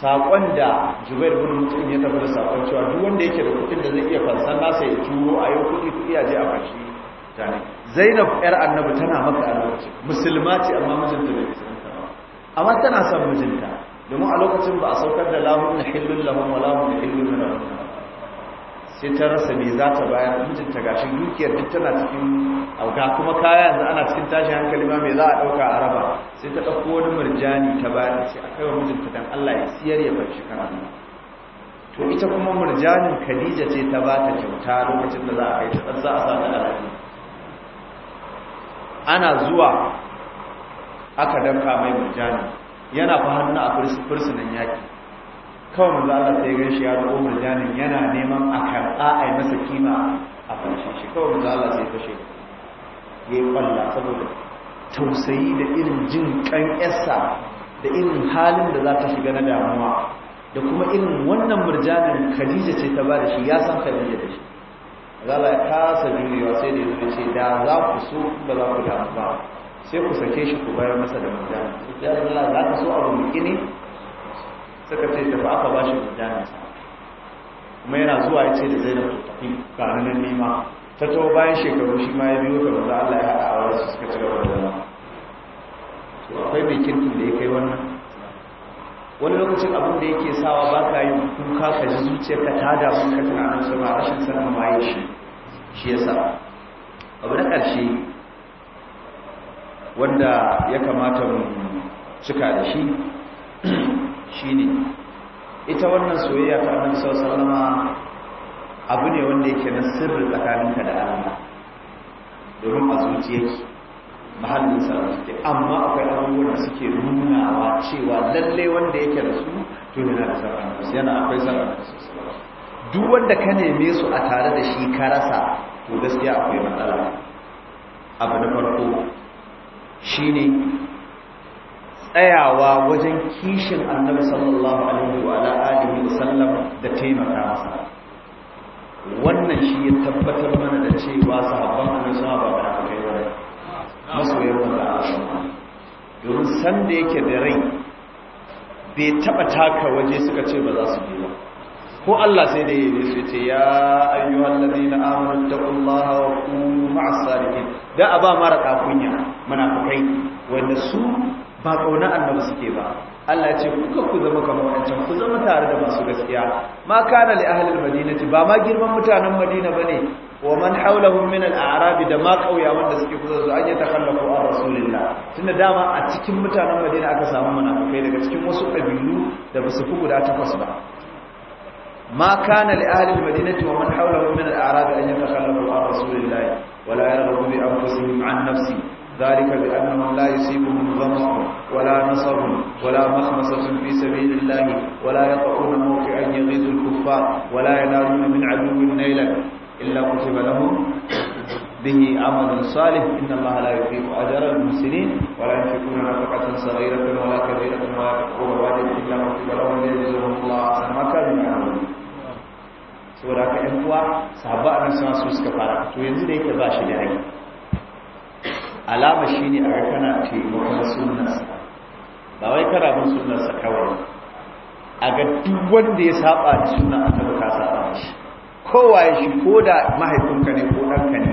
saƙon da jubair bin mutum ya tafi da saƙon cewa duk wanda yake da kuɗin da zai iya fansan nasa ya tuwo a yau kuɗi kuɗi a je a fashi tare zainab yar annabi tana maka a musulma ce amma mijinta bai musulunta ba amma tana son mijinta domin a lokacin ba a saukar da lahun na hillun lahun wa lahun na hillun na sai ta rasa mai za ta bayar mijinta gashi dukiyar duk tana cikin auka kuma kaya yanzu ana cikin tashin hankali ma mai za a ɗauka a raba sai ta ɗauko wani murjani ta bayar sai a kai wa mijinta don allah ya siyar ya farci karatu to ita kuma murjanin khadija ce ta ba ta kyauta lokacin da za a kai ta za a sa ta ana zuwa aka danka mai murjani yana fa hannu a fursunan yaki kawai manzo Allah sai gan shi ya zo murjanin yana neman a karɓa a yi masa kima a fashe shi kawai manzo Allah sai fashe ya yi kwalla saboda tausayi da irin jin kan yasa da irin halin da za ta shiga na damuwa da kuma irin wannan murjanin Khadija ce ta ba da shi ya san Khadija da shi zala ya kasa jurewa sai da ya ce da za ku so ba za ku damu ba sai ku sake shi ku bayar masa da mudana ya Allah za ka so a rumiki ne suka ce tafi aka ba shi sa kuma yana zuwa ya ce da zai na tafi ga hannun nima ta to bayan shekaru shi ma ya biyo ka za Allah ya haɗa a wasu suka ci gaba da zama to akwai mai kirkin da ya kai wannan wani lokacin abin da yake sawa ba ka yi kuka ka ji zuciyarka ta damu ka tunanin su ma rashin sanin ma shi shi sa abu na ƙarshe wanda ya kamata mu cika da shi shine ita wannan soyayya ta annabi sallallahu abu ne wanda yake na sirri tsakaninka da Allah domin a zuciya yake mahallin sa amma akwai abubuwan da suke nunawa cewa lalle wanda yake da su to yana da sarrafa yana akwai sarrafa duk wanda ka neme su a tare da shi ka rasa to gaskiya akwai matsala abu na farko Shi ne tsayawa wajen kishin annabi sallallahu alaihi wa alihi wasallam da taimaka masa wannan shi ya tabbatar mana da cewa sahabban annabi sallallahu alaihi wa alihi masoyan wanda Allah domin san da yake da rai bai taba taka waje suka ce ba za su bi ba ko Allah sai da yi su ce ya ayyuhallazina amantu na wa qulu ma'as salihin da aba mara kafunya munafikai wanda su ba kauna annabi suke ba Allah ya ce kuka ku zama kamar wancan ku zama tare da masu gaskiya ma kana li ahli almadinati ba ma girman mutanen madina bane wa man hawlahum min al-a'rab da ma kauya wanda suke kusa su an yi takallafu an rasulillah tunda dama a cikin mutanen madina aka samu munafikai daga cikin wasu kabilu da basu fi guda takwas ba ما كان لأهل المدينة ومن حولهم من الأعراب أن يتخلفوا عن رسول الله ولا يرغبوا بأنفسهم عن نفسه ذلك بأنهم لا يصيبهم ظمأ ولا نصب ولا مخمصة في سبيل الله ولا يطعون موقعا يغيظ الكفار ولا ينالون من عدو نيلا إلا كتب لهم به عمل صالح إن الله لا يضيع أجر المحسنين ولا ينفقون نفقة صغيرة ولا كبيرة ولا يقرون وادي إلا كتب لهم ليجزهم الله أحسن ما كانوا يعملون saboda haka ɗan uwa sahabba a nan suna so suka fara to yanzu da yake ba shi da rai alama shi ne a kana kana taimakon sunansa ba wai kana sunansa kawai a ga duk wanda ya saba da sunan annabi ka saba shi kowa ya shi ko da mahaifinka ne ko ɗanka ne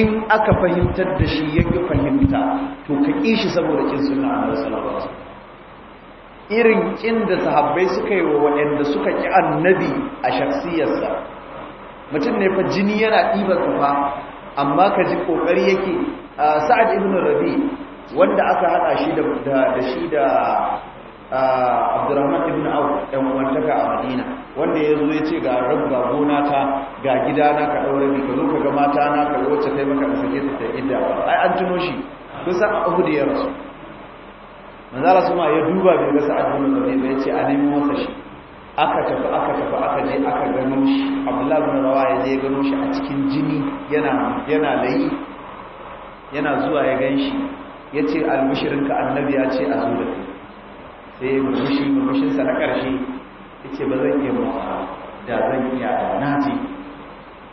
in aka fahimtar da shi yake fahimta to ka ƙi shi saboda ƙin suna a sallallahu irin ƙin da sahabbai suka yi wa waɗanda suka ƙi annabi a shaksiyarsa mutum ne fa jini yana ɗibar fa amma ka ji kokari yake sa'ad ibn rabi wanda aka haɗa shi da da shi da abdurrahman ibn auf dan wantaka a madina wanda ya zo ya ce ga rabba gona ta ga gida na ka daure ni ka zo ka ga mata na ka wacce kai maka da sake ta idda ai an tuno shi kusan abu da ya rasu manzara suma ya duba bai ga sa'ad ibn rabi bai ce a nemi masa shi aka tafi aka tafi aka je aka gano shi abdullahi bin rawaya je gano shi a cikin jini yana yana layi yana zuwa ya gan shi ya ce albishirinka annabi ya ce a zuwa sai ya murmushi murmushinsa na ƙarshe ya ce ba zan iya da zan iya da naji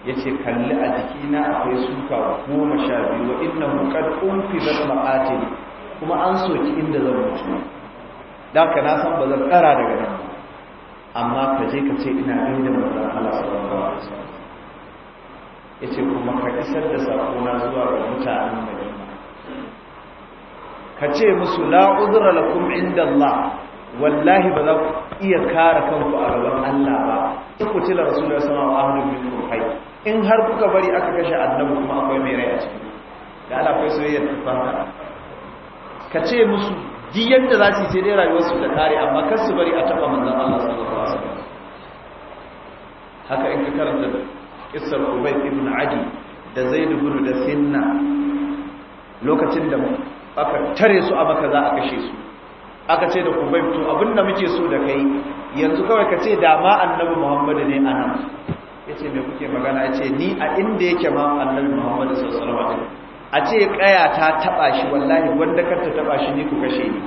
ya ce kalli a jikina akwai suka goma sha biyu wa inna hukar ƙunfi zan ma'atin kuma an soki inda zan mutu da ka na san ba zan ƙara daga nan ba amma ka je ka ce ina gaida manzon Allah sallallahu alaihi wasallam yace kuma ka isar da sakona zuwa ga mutanen Madina ka ce musu la uzra lakum inda Allah wallahi ba za ku iya kare kanku a gaban Allah ba in ku tila rasulullah sallallahu alaihi wasallam minkum hayy in har kuka bari aka kashe annabi kuma akwai mai rai a ciki da Allah akwai soyayya ta fara ka ce musu di yadda za su yi sai dai rayuwarsu da kare amma kan su bari a taɓa manzan Allah sallallahu alaihi wasallam haka in ka karanta kissar Ubay ibn Adi da Zaid ibn da Sinna lokacin da aka tare su a maka za a kashe su aka ce da Ubay to abinda muke so da kai yanzu kawai ka ce da ma annabi Muhammadu ne anan yace me kuke magana yace ni a inda yake ma annabi Muhammadu sallallahu alaihi wasallam a ce ƙaya ta taɓa shi wallahi wanda kanta taɓa shi ne ku kashe ni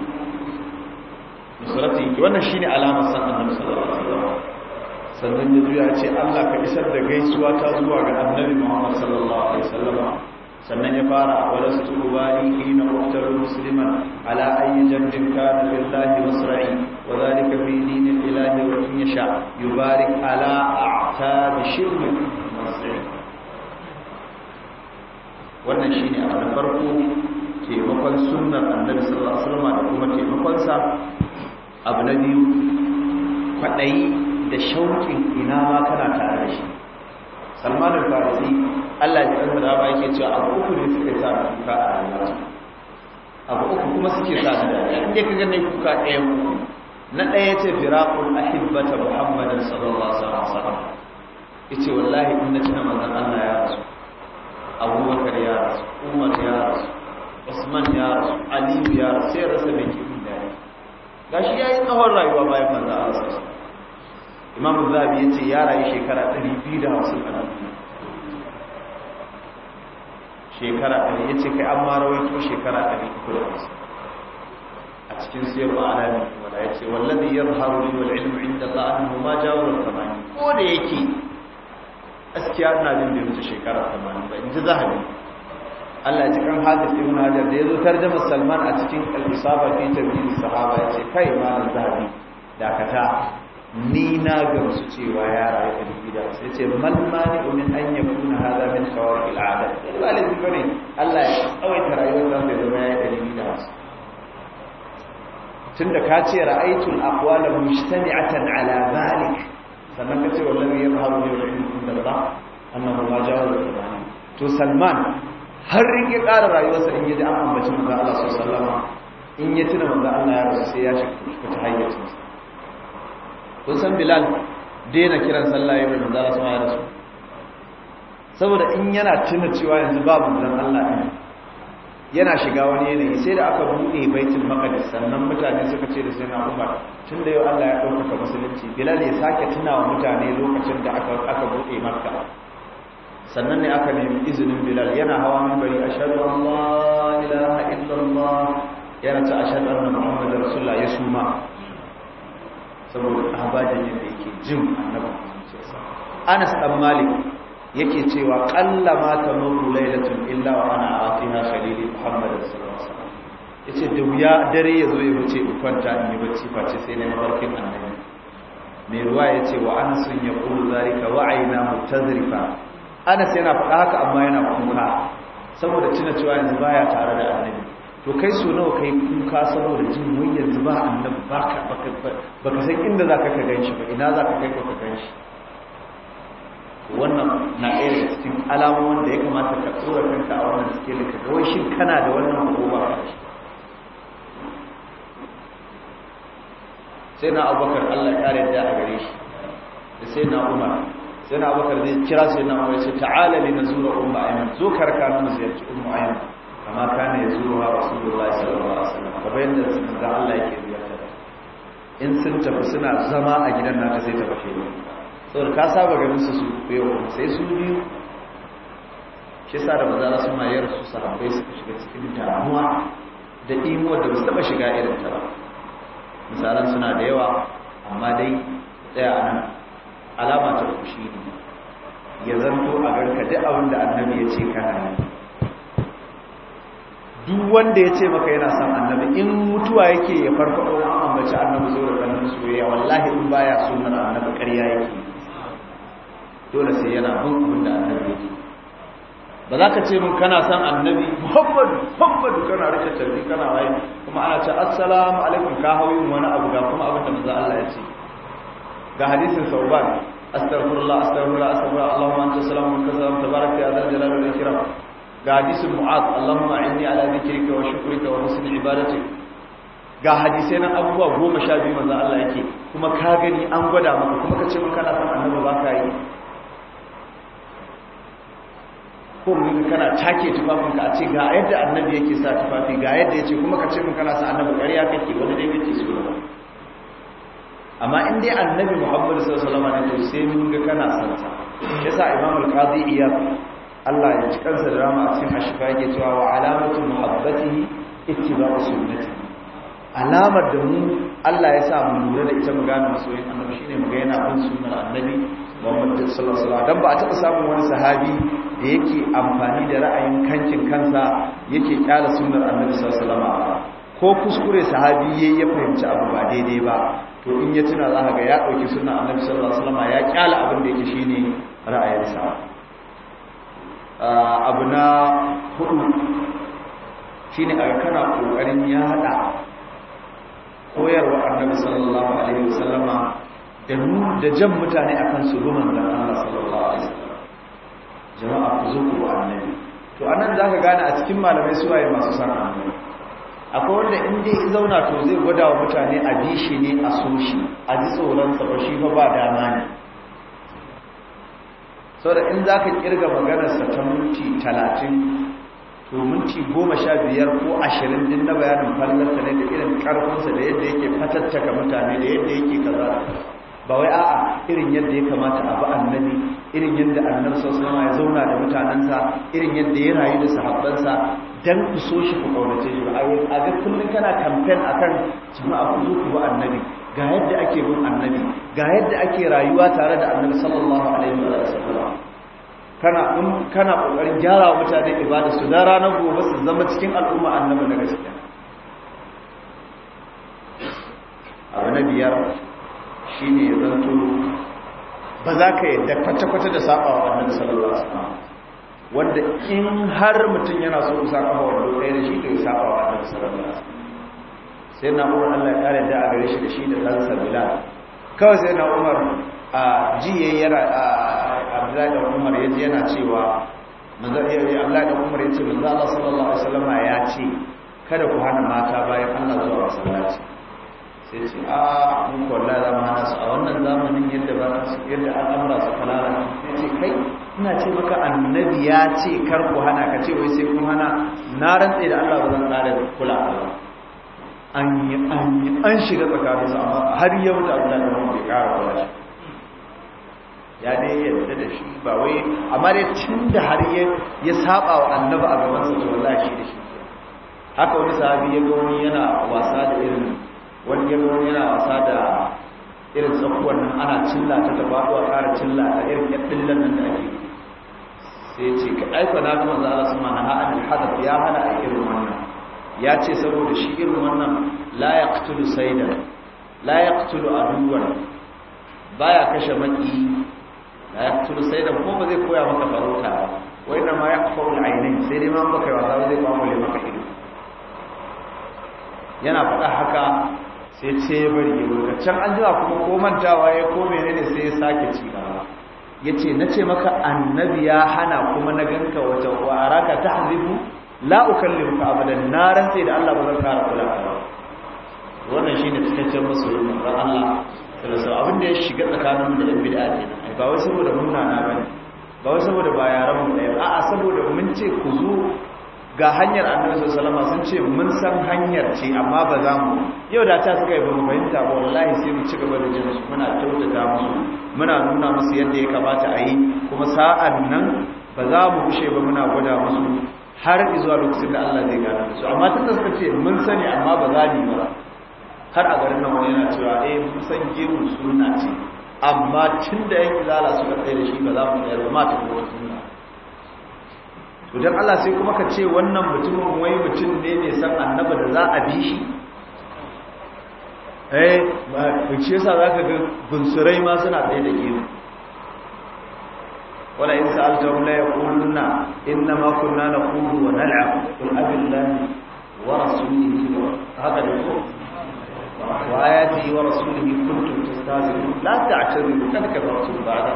nusrati wannan shine alamar san annabi da alaihi wasallam sannan ya juya ce Allah ka isar da gaisuwa ta zuwa ga annabi Muhammad sallallahu alaihi wasallam sannan ya fara walastu ubali hina uqtalu musulman, ala ayi jambin kana billahi wasra'i wa dhalika fi dinil ilahi wa in yasha yubarik ala da shirmi masri wannan shi abu na farko taimakon sunan, annabi sallallahu alaihi wasallam da kuma taimakonsa abu na biyu kwaɗayi da shauƙin ina ma kana tare da shi salman al-farisi Allah ya tsara da ba yake cewa abu uku ne suke sa kuka a rayuwa abu uku kuma suke sa da in dai ganin kuka ɗaya mu na ɗaya ce firaqul ahibbata muhammadin sallallahu alaihi wasallam yace wallahi in na tuna manzon Allah ya rasu abubuwan umar ya rasu usman ya rasu ya rasu sai rasa mai kimin da ya tsawon rayuwa bayan manzan Allah sallallahu alaihi zabi ya ce ya rayu shekara 250 a shekara ɗari ya kai an ma ko shekara 350 a cikin siyar wa alami wala ya ce wallazi yadhharu li wal ilmu inda Allah ma jawara thamani ko da yake gaskiya ina jin bai wuce shekara 80 ba in ji zahabi Allah ya ji kan hadis ibn Hajar da yazo tarjuma Salman a cikin al-Isaba fi tawhid sahaba yace kai ma zabi dakata ni na su cewa ya rayu da bid'a sai ce mal mani min an yakuna hada min sawab al-adat ba lazim bane Allah ya tsawaita rayuwar da bai zama ya da bid'a tunda ka ce ra'aytul aqwala mujtami'atan ala balik sannan ka ce wallahi yadhharu li ilmi inda Allah annahu ma jawaza to Salman har rike ya ƙara rayuwarsa in ya an ambaci manzan Allah su sallama in yi tuna manzan Allah ya rasu sai ya shi kuta su kun san bilal daina kiran sallah ya manzan Allah ma ya rasu saboda in yana tuna cewa yanzu babu manzan Allah ne yana shiga wani yanayi sai da aka buɗe baitin maqdis sannan mutane suka ce da sai na umar tun da yau Allah ya ɗaukaka musulunci bilal ya sake tuna wa mutane lokacin da aka aka buɗe makka sannan ne aka nemi izinin bilal yana hawa mimbari ashhadu an la ilaha illallah yana ta a ashhadu anna muhammadar rasulullah ya suma saboda abajin yadda yake jin annabi Anas dan Malik yake cewa ta tamuru lailatul illa wa ana atiha khalili Muhammad sallallahu alaihi Ya ce da wuya dare ya zo ya wuce in kwanta in yi bacci face sai na mafarkin annabi mai ruwa ce wa an sun ya qulu zalika wa aina mutazrifa anas yana faɗa haka amma yana kuka saboda cina cewa yanzu baya tare da annabi to kai so nawa kai kuka saboda jin wai yanzu ba annabi baka baka san inda zaka ka ganshi ba ina zaka kai ka ganshi wannan na ɗaya da cikin alamomin da ya kamata ka tsora kanka a wannan sikelin ka kawai shi kana da wannan ko ba shi sai na abubakar allah ya kare da a gare shi da sai na umar sai na abubakar zai kira sai na mawai ce ta'ala li zuwa ummu ayman zo karka mu ziyarci ummu ayman kama kana yazuruha rasulullahi Allah yake ziyarta in sun tafi suna zama a gidan naka sai ta bashe ni saboda ka saba ganin su su yau sai su biyu shi yasa da manzo sun mayar su sahabbai suka shiga cikin damuwa da imuwar da ba su taba shiga irin ta ba misalan suna da yawa amma dai tsaya a nan alama ta fushi ne ya zanto a garka duk abin da annabi ya ce kana yi duk wanda ya ce maka yana son annabi in mutuwa yake ya farfaɗo an ambaci annabi zo da kanin soyayya wallahi in baya sunan annabi ƙarya yake dole sai yana bin abin da annabi yake ba za ka ce min kana son annabi muhammadu muhammadu kana rike tarbi kana waye kuma ana ce assalamu alaikum ka hauyin wani abu ga kuma abin da manzo Allah ya ce ga hadisin sauban astaghfirullah astaghfirullah astaghfirullah allahumma anta salamu wa salam tabaraka ya dhal jalali wal ikram ga hadisin mu'az allahumma inni ala dhikrika wa shukrika wa husni ibadati ga hadisai nan abubuwa goma sha biyu manzo Allah yake kuma ka gani an gwada maka kuma ka ce maka kana san annabi ba ka yi ko mun kana take ka a ce ga yadda annabi yake sa tufafi ga yadda yace kuma ka ce maka kana san annabi ƙarya kake wani dai kake so amma in dai annabi muhammadu sallallahu alaihi wasallam sai mun ga kana santa yasa imamu al-qadi iya Allah ya ci kansa da rama a cikin ashifa yake cewa wa alamatu muhabbatihi ittiba'u sunnati alamar da mu Allah ya sa mu lura da ita mu gane masoyin annabi shine mu ga yana bin sunnar annabi muhammadu sallallahu alaihi wasallam dan ba a taba samun wani sahabi da yake amfani da ra'ayin kankin kansa yake kyala sunnar annabi sallallahu alaihi wasallam ko kuskure sahabi ya ya fahimci abu ba daidai ba to in ya tuna za ga ya ɗauki suna annabi sallallahu alaihi wasallam ya kyala abin da yake shine ra'ayinsa abu na hudu shine a kana kokarin haɗa, koyarwa annabi sallallahu alaihi wasallama da da jan mutane akan su bi da Allah sallallahu alaihi wasallam jama'a ku zo ku annabi to anan zaka gane a cikin malamai suwaye masu san annabi akwai wanda in ya zauna to zai gwada wa mutane a bi shi ne a so shi a ji tsoron sa ba ba dama ne da in za ka kirga maganarsa ta minti talatin to minti goma sha biyar ko ashirin din na bayanin ta ne da irin karfinsa da yadda yake fatattaka mutane da yadda yake kaza ba wai a'a irin yadda ya kamata a bi annabi irin yadda annabi sallallahu ya zauna da mutanensa irin yadda ya rayu da sahabbansa dan ku so shi ku kaunace shi a ga kullun kana campaign akan jama'a ku zo ku ba annabi ga yadda ake bin annabi ga yadda ake rayuwa tare da annabi sallallahu alaihi wa kana in kana kokarin gyara wa mutane ibada su da ranar gobe su zama cikin al'umma annabi na gaskiya abu na biyar ne ya zanto ba za ka yadda kwata-kwata da saba wa annabi sallallahu alaihi wasallam wanda in har mutum yana so ya saba wa wanda ya da shi ka yi saba wa annabi sallallahu alaihi wasallam sai na umar Allah ya kare da a gare shi da shi da dan sabila kawai sai na umar a jiye yana Abdullahi da Umar yaji yana cewa manzo Abdullahi da Umar yace manzo Allah sallallahu alaihi wasallam ya ce kada ku hana mata bayan Allah zuwa masallaci sai ce a ah, mun kwalla da mana hana su a wannan zamanin yadda ba su yadda an al'amura su kalala sai ce kai ina ce maka annabi ya ce kar ku hana ka ce wai sai kun hana na rantse da Allah ba zan da kula ba an yi an yi an shiga tsakanin su amma har yau da Allah da mun bai kara kula shi ya dai yadda da shi ba wai amma dai tun da har ya saba wa annabi a gaban sa to wallahi shi da shi haka wani sahabi ya ga wani yana wasa da irin wani ya wani yana wasa da irin tsakuwar nan ana cilla ta gaba ɗuwa ƙara cilla ta irin ya ɗillan da ake sai ce ka aiko na kuma za a su mana ha'an hadaf ya hana a irin wannan ya ce saboda shi irin wannan la ya ƙtulu saidan la ya ƙtulu aduwar ba ya kashe maƙi la ya ƙtulu saidan ko ba zai koya maka farauta wai na ma ya ƙafa ainihin sai dai ma maka yi wasa zai kwamule maka ido yana faɗa haka sai ce ya bari ya wurga can an jima kuma ko mantawa ya ko ne sai ya sake ci gaba ya ce na ce maka annabi ya hana kuma na ganka wata ka ta hazibu La'ukan limka abadan na rantse da Allah ba kara kula ba wannan shine cikakken musulmi ran Allah sallallahu abin da ya shiga tsakanin da 'yan bid'a ne ba wai saboda munana bane ba wai saboda ba yaran mu ɗaya a'a saboda mun ce ku zo ga hanyar annabi sallallahu alaihi wasallam sun ce mun san hanyar ce amma ba za mu yau da ta suka yi ba mu fahimta ba wallahi sai mu ci gaba da jin muna da musu muna nuna musu yadda ya kamata a yi kuma sa'an nan ba za mu kushe ba muna gwada musu har zuwa lokacin da Allah zai gana su amma tunda suka ce mun sani amma ba za ni ba har a garin nan wani yana cewa eh mun san gemu suna ce amma tunda yake lala suka tsaye da shi ba za mu tsayar ba ma ta sunna to dan Allah sai kuma ka ce wannan mutumin wai mutum ne mai san annaba da za a bi shi eh ba ku ce za zaka ga bunsurai ma suna tsaye da gemu wala in sa'altahum la yaquluna inna ma kunna naqulu wa nal'abu qul abillahi wa rasulihi wa hada ko wa ayati wa rasulihi kuntum tastazilun la ta'tadiru kadaka kafartum ba'da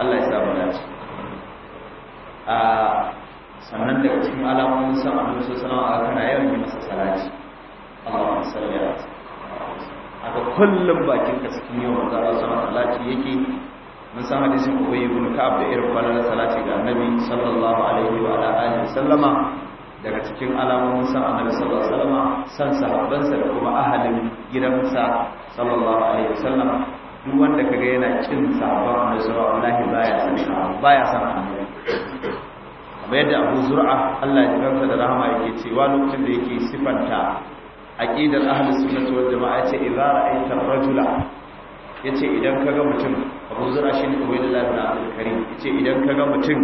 Allah ya sabana shi sannan daga cikin alamomin san su sallallahu a wasallam yawan yi masa salaci? Allahumma salli ala aka kullum bakin ka cikin yau da Allah sallallahu alaihi wasallam yake mun san hadisin Ubay ibn Ka'ab da irin kwanar salati ga annabi sallallahu alaihi wa ala alihi sallama daga cikin alamomin san annabi sallallahu alaihi ayyu-sallama san sahabbansa da kuma ahalin gidansa sallallahu alaihi ayyu-sallama duk wanda kaga yana cin sahabban annabi sallallahu alaihi wa sallama baya san annabi kamar yadda abu zur'a allah ya kansa da rahama yake cewa lokacin da yake sifanta aqidar ahlus sunnah wal jamaa yace idza ra'aita ar-rajula yace idan kaga mutum abu zur'a shine Allah ibn abdul karim yace idan kaga mutum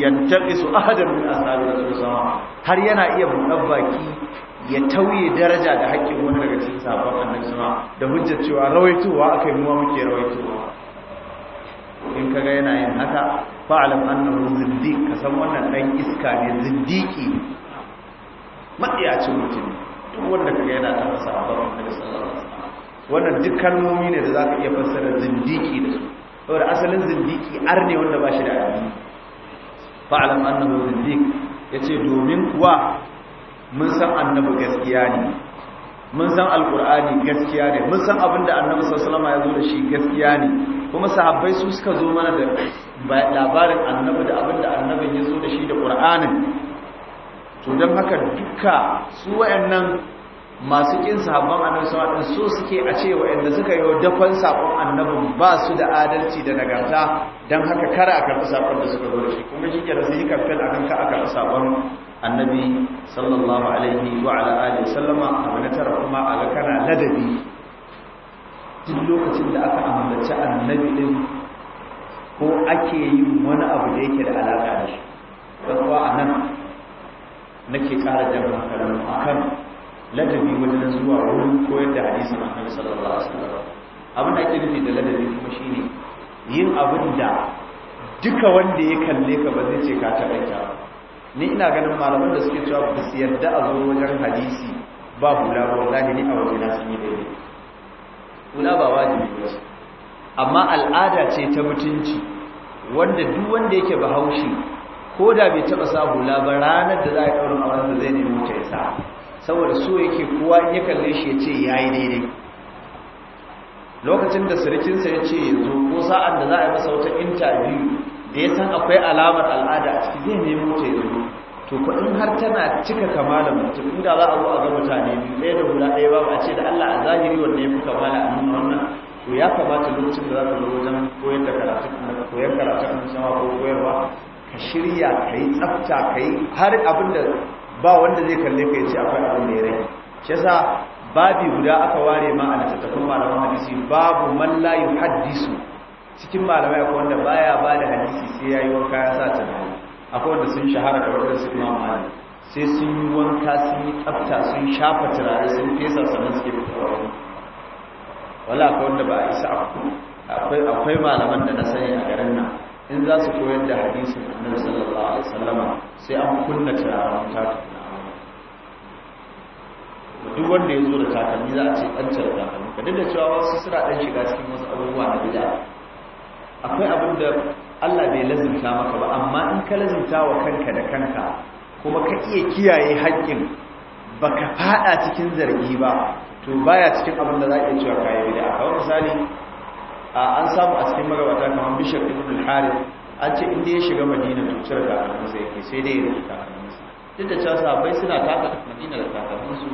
yantaqisu ahadan min ashabi rasulullah har yana iya buɗar baki ya tauye daraja da haƙƙin wani daga cikin sabon annabi sama da hujjar cewa rawaitowa akai ma muke rawaitowa in kaga yana yin haka fa'alam annahu zindi ka san wannan ɗan iska ne ziddiqi matsiyacin mutum duk wanda ka yana ta a Annabi sallallahu alaihi wasallam wannan duk kalmomi ne da zaka iya fassara zindiki da su saboda asalin zindiki ar ne wanda ba shi da abin fa'alam zindi ya ce domin kuwa mun san annabi gaskiya ne mun san alkur'ani gaskiya ne mun san abin da annabi sallallahu alaihi wasallam ya zo da shi gaskiya ne kuma sahabbai su suka zo mana da labarin annabi da abin da annabin ya zo da shi da qur'anin to dan haka duka su wayannan masu kin sahabban annabi sallallahu alaihi wasallam so suke a ce wa'anda suka yi dafan sakon annabi ba su da adalci da nagarta dan haka kara a karɓi sakon da suka zo shi kuma shi kenan sai kamfen akan ka a karɓi sakon annabi sallallahu alaihi wa ala sallama abu na tara kuma a ga kana ladabi duk lokacin da aka ambaci annabi din ko ake yin wani abu da yake da alaka da shi don kuwa a nan nake ƙara jan akan ladabi wajen zuwa wurin koyar da na annabi sallallahu alaihi wasallam abin da ake nufi da ladabi kuma shine yin abin da duka wanda ya kalle ka ba zai ce ka taƙaita ni ina ganin malaman da suke cewa ba su yarda a zo wajen hadisi ba hula ba wallahi ni a wajen na sun yi daidai hula ba wajibi ba amma al'ada ce ta mutunci wanda duk wanda yake bahaushe ko da bai taɓa sa hula ba ranar da za a yi ɗaurin a da zai nemi wuce ya sa saboda so yake kowa in ya kalle shi ya ce ya daidai lokacin da sirikinsa ya ce yanzu ko sa'an da za a yi masa wata intabiyu da ya san akwai alamar al'ada a ciki zai nemo ta ya zo to kuɗin har tana cika kamalan mutum inda za a zo a ga mutane biyu ɗaya da guda ɗaya babu a ce da allah a zahiri wanne ya fi kamala a nuna wannan to ya kamata lokacin da za ka zo wajen koyar da karatu koyar karatu kan sama ko koyarwa ka shirya ka yi tsafta ka yi har abin da ba wanda zai kalle ka yace akwai abin da ya rage shi yasa babi guda aka ware ma a littattafan malaman hadisi babu man la yuhaddisu cikin malamai akwai wanda baya ba da hadisi sai yi wanka ya sa tabbata akwai wanda sun shahara da wannan su Imam sai sun yi wanka sun yi tsafta sun shafa turare sun fesa sannan suke fitowa wala akwai wanda ba isa akwai akwai malaman da na sani a garin nan in za su koyar da hadisin annabi sallallahu alaihi wasallama sai an kunna ta takalmi duk wanda ya zo da takalmi za a ce an cire takalmi ka duk da cewa wasu suna ɗan shiga cikin wasu abubuwa na gida, akwai abin da Allah bai lazimta maka ba amma in ka lazimta wa kanka da kanka kuma ka iya kiyaye haƙƙin baka faɗa cikin zargi ba to baya cikin abin da za a iya cewa kayi bida kawai misali an samu a cikin magabata kamar bishop ibn al-harith an ce inda ya shiga madina to cire takalminsa yake sai dai ya rufe takalminsa duk da cewa sahabbai suna taka madina da su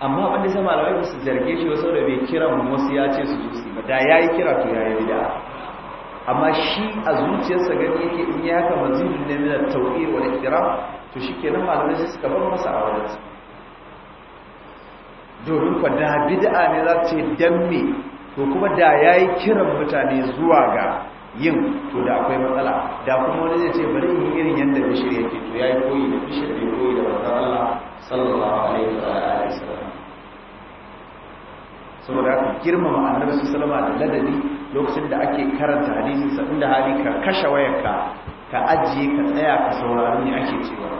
amma ban da sama alawai su zarge shi wasu da bai mu wasu ya ce su zo su ba da ya yi kira to ya yi bida amma shi a zuciyarsa gani yake in ya kama zinin ne na tauƙi wa da kira to shi ke kenan malamai sai suka bar masa a wajensu domin kwa da bid'a ne za ta ce dan me to kuma da ya yi kiran mutane zuwa ga yin to da akwai matsala da kuma wani zai ce bari in yi irin yadda bishir yake to ya yi koyi da bishir bai koyi da wata Allah sallallahu alaihi wa alihi saboda haka girmama annabi sallallahu alaihi da ladabi lokacin da ake karanta hadisin sa da hali ka kashe wayarka ka ajiye ka tsaya ka saurari ne ake cewa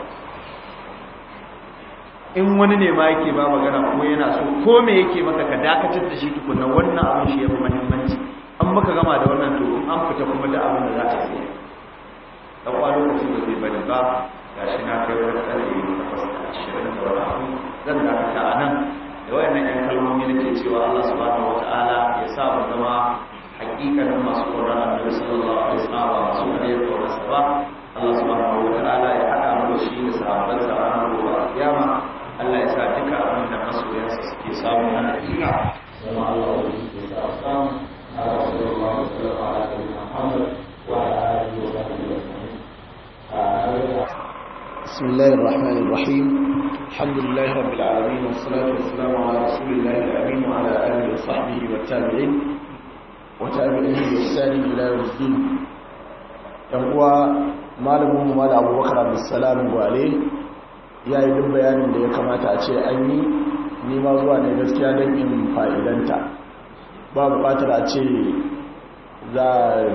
in wani ne ma yake ba magana ko yana so ko me yake maka ka dakatar da shi tukunna wannan abin shi ya fi muhimmanci an maka gama da wannan to an fita kuma da abin da za ta yi da kwalo lokaci ba zai bari ba ga shi na kai wani tsari na fasta ashirin da wani zan dakata a nan da wayannan yan kalmomi da ke cewa Allah subhanahu wataala ya sa mu zama hakikanin masu ƙoran annabi sallallahu alaihi wasallam ba masu ne ya sa ba Allah subhanahu wataala ya haɗa mu da shi da sahabban ranar gobe kiyama Allah ya أن duka abin da masoyansa suke samu na hakika zama Allah الله yake sa samu a Rasulullah sallallahu alaihi wa sallam wa alihi wa sahbihi بسم الله الرحمن الرحيم الحمد لله رب العالمين والصلاة والسلام على رسول الله الأمين وعلى آله وصحبه والتابعين وتابعين بإحسان إلى يوم الدين يقوى مالهم ومال أبو بكر عبد السلام عليه ya yi duk bayanin da ya kamata a ce an yi nima zuwa ne gaskiya don in fa'idanta ba buƙatar a ce za a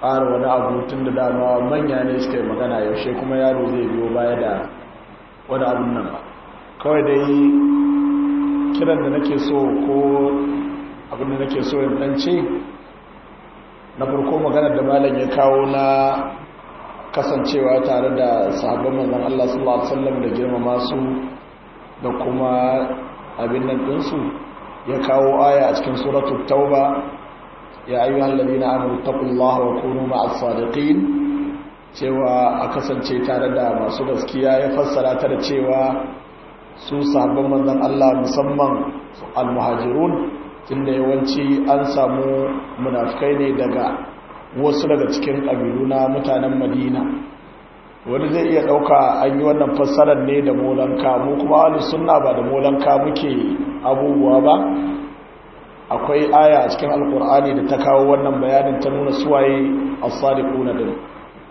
ƙara wani abu tun da dama manya ne suka yi magana yaushe kuma yaro zai biyo baya da wani abun nan ba kawai dai kiran da nake so ko abin da nake so yin ɗance na farko maganar da malam ya kawo na kasancewa tare da sahabban mazan Allah sallallahu alaihi wasallam da girmama su da kuma abin nan dinsu ya kawo aya a cikin suratu tauba ya ayyuhal ladina amanu taqullaha wa kunu ma'as sadiqin cewa a kasance tare da masu gaskiya ya fassara ta da cewa su sahabban manzan Allah musamman al-muhajirun tunda yawanci an samu munafikai ne daga wasu daga cikin ƙabilu na mutanen madina wani zai iya ɗauka an yi wannan fassarar ne da molanka mu kuma wani suna ba da molanka muke abubuwa ba akwai aya a cikin alkur'ani da ta kawo wannan bayanin ta nuna suwaye as-sadiquna din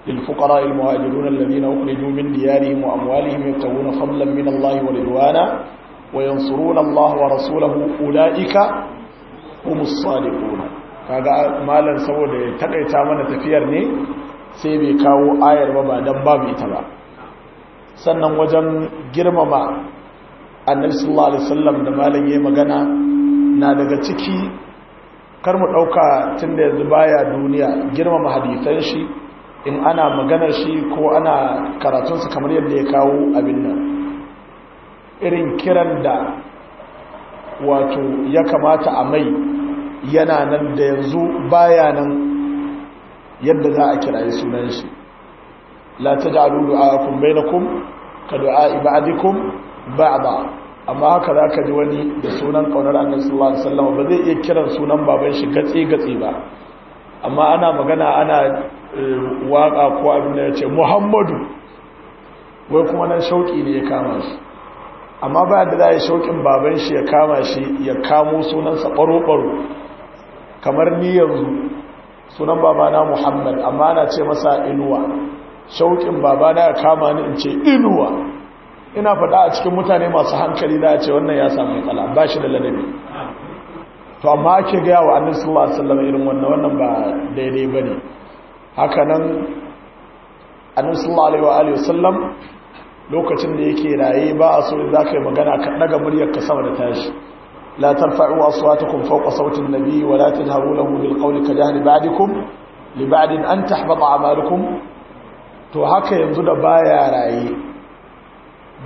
للفقراء المهاجرون الذين أخرجوا من ديارهم وأموالهم يبتغون فضلا من الله ورضوانا وينصرون الله ورسوله أولئك هم الصادقون kaga malam saboda ya takaita mana tafiyar ne sai bai kawo ayar ba dan babu ita ba sannan wajen girmama annabi sallallahu alaihi wasallam da malam yayi magana na daga ciki kar mu dauka tunda yanzu baya duniya girmama hadisan shi in ana maganar shi ko ana karatun sa kamar yadda ya kawo abin nan irin kiran da wato ya kamata a mai yana nan da yanzu baya nan yadda za a kira yi sunan shi la taj'alu du'aakum bainakum ka du'aa'i ba'dikum ba'da amma haka za ka ji wani da sunan kaunar annabi sallallahu alaihi wasallam ba zai iya kiran sunan baban shi gatsi gatsi ba amma ana magana ana eh, waka ko abin da yace Muhammadu wai kuma nan shauki ne ya kama shi amma ba da zai shaukin baban shi ya kama shi ya kamo sunansa baro baro kamar ni yanzu sunan babana muhammad amma ana ce masa inuwa shauƙin babana ya kama ni in ce inuwa ina faɗa a cikin mutane masu hankali da ce wannan ya samu matsala ba shi da ladabi to amma ake gaya wa annabi sallallahu alaihi irin wannan wannan ba daidai ba ne. haka nan annabi sallallahu alaihi wasallam lokacin da yake raye ba a so in zaka yi magana ka daga muryar ka sama da tashi لا ترفعوا أصواتكم فوق صوت النبي ولا تجهروا له بالقول كجهر بعدكم لبعد أن تحبط أعمالكم to haka yanzu da baya raye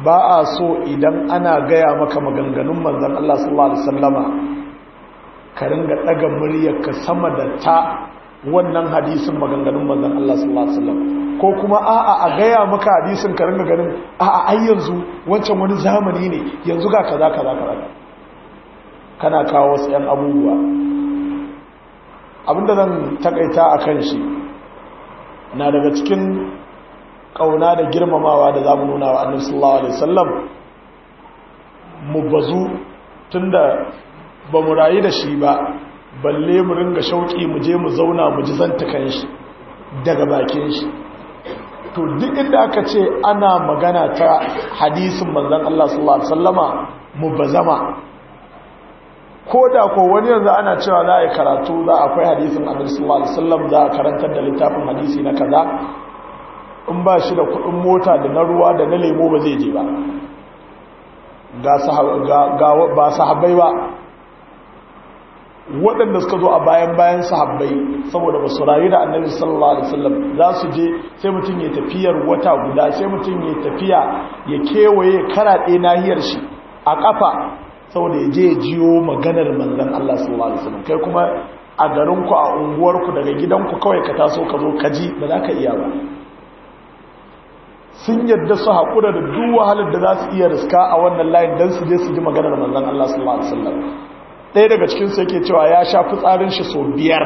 ba a so idan ana gaya maka maganganun manzan Allah sallallahu alaihi wasallama ka ringa daga muryarka sama da ta wannan hadisin maganganun manzan Allah sallallahu alaihi wasallam ko kuma a'a a gaya maka hadisin ka ringa ganin a'a ai yanzu wancan wani zamani ne yanzu ga kaza kaza kaza kana kawo wasu 'yan abubuwa abinda zan takaita a kan shi na daga cikin ƙauna da girmamawa da za mu nuna wa annabi sallallahu alaihi wasallam mu bazu tunda ba mu rayu da shi ba balle mu ringa shauƙi mu je mu zauna mu ji zanta kan shi daga bakin shi to duk inda aka ce ana magana ta hadisin manzon Allah sallallahu alaihi wasallama mu bazama ko da ko wani yanzu ana cewa za a yi karatu za akwai hadisin annabi sallallahu alaihi za a karantar da littafin hadisi na kaza in ba shi da kuɗin mota da na ruwa da na lemo ba zai je ba ba sahabbai ba waɗanda suka zo a bayan bayan sahabbai saboda ba su rayu da annabi sallallahu alaihi wasallam za su je sai mutum ya tafiyar wata guda sai mutum ya tafiya ya kewaye karaɗe nahiyar shi a ƙafa saboda ya je jiyo maganar manzan Allah sallallahu alaihi wasallam kai kuma a garinku a unguwarku daga gidanku kawai ka taso ka zo ka ji da za ka iya ba sun yadda su haƙura da duk wahalar da za su iya riska a wannan layin don su je su ji maganar manzan Allah sallallahu alaihi wasallam ɗaya daga cikin su yake cewa ya sha fitsarin shi sau biyar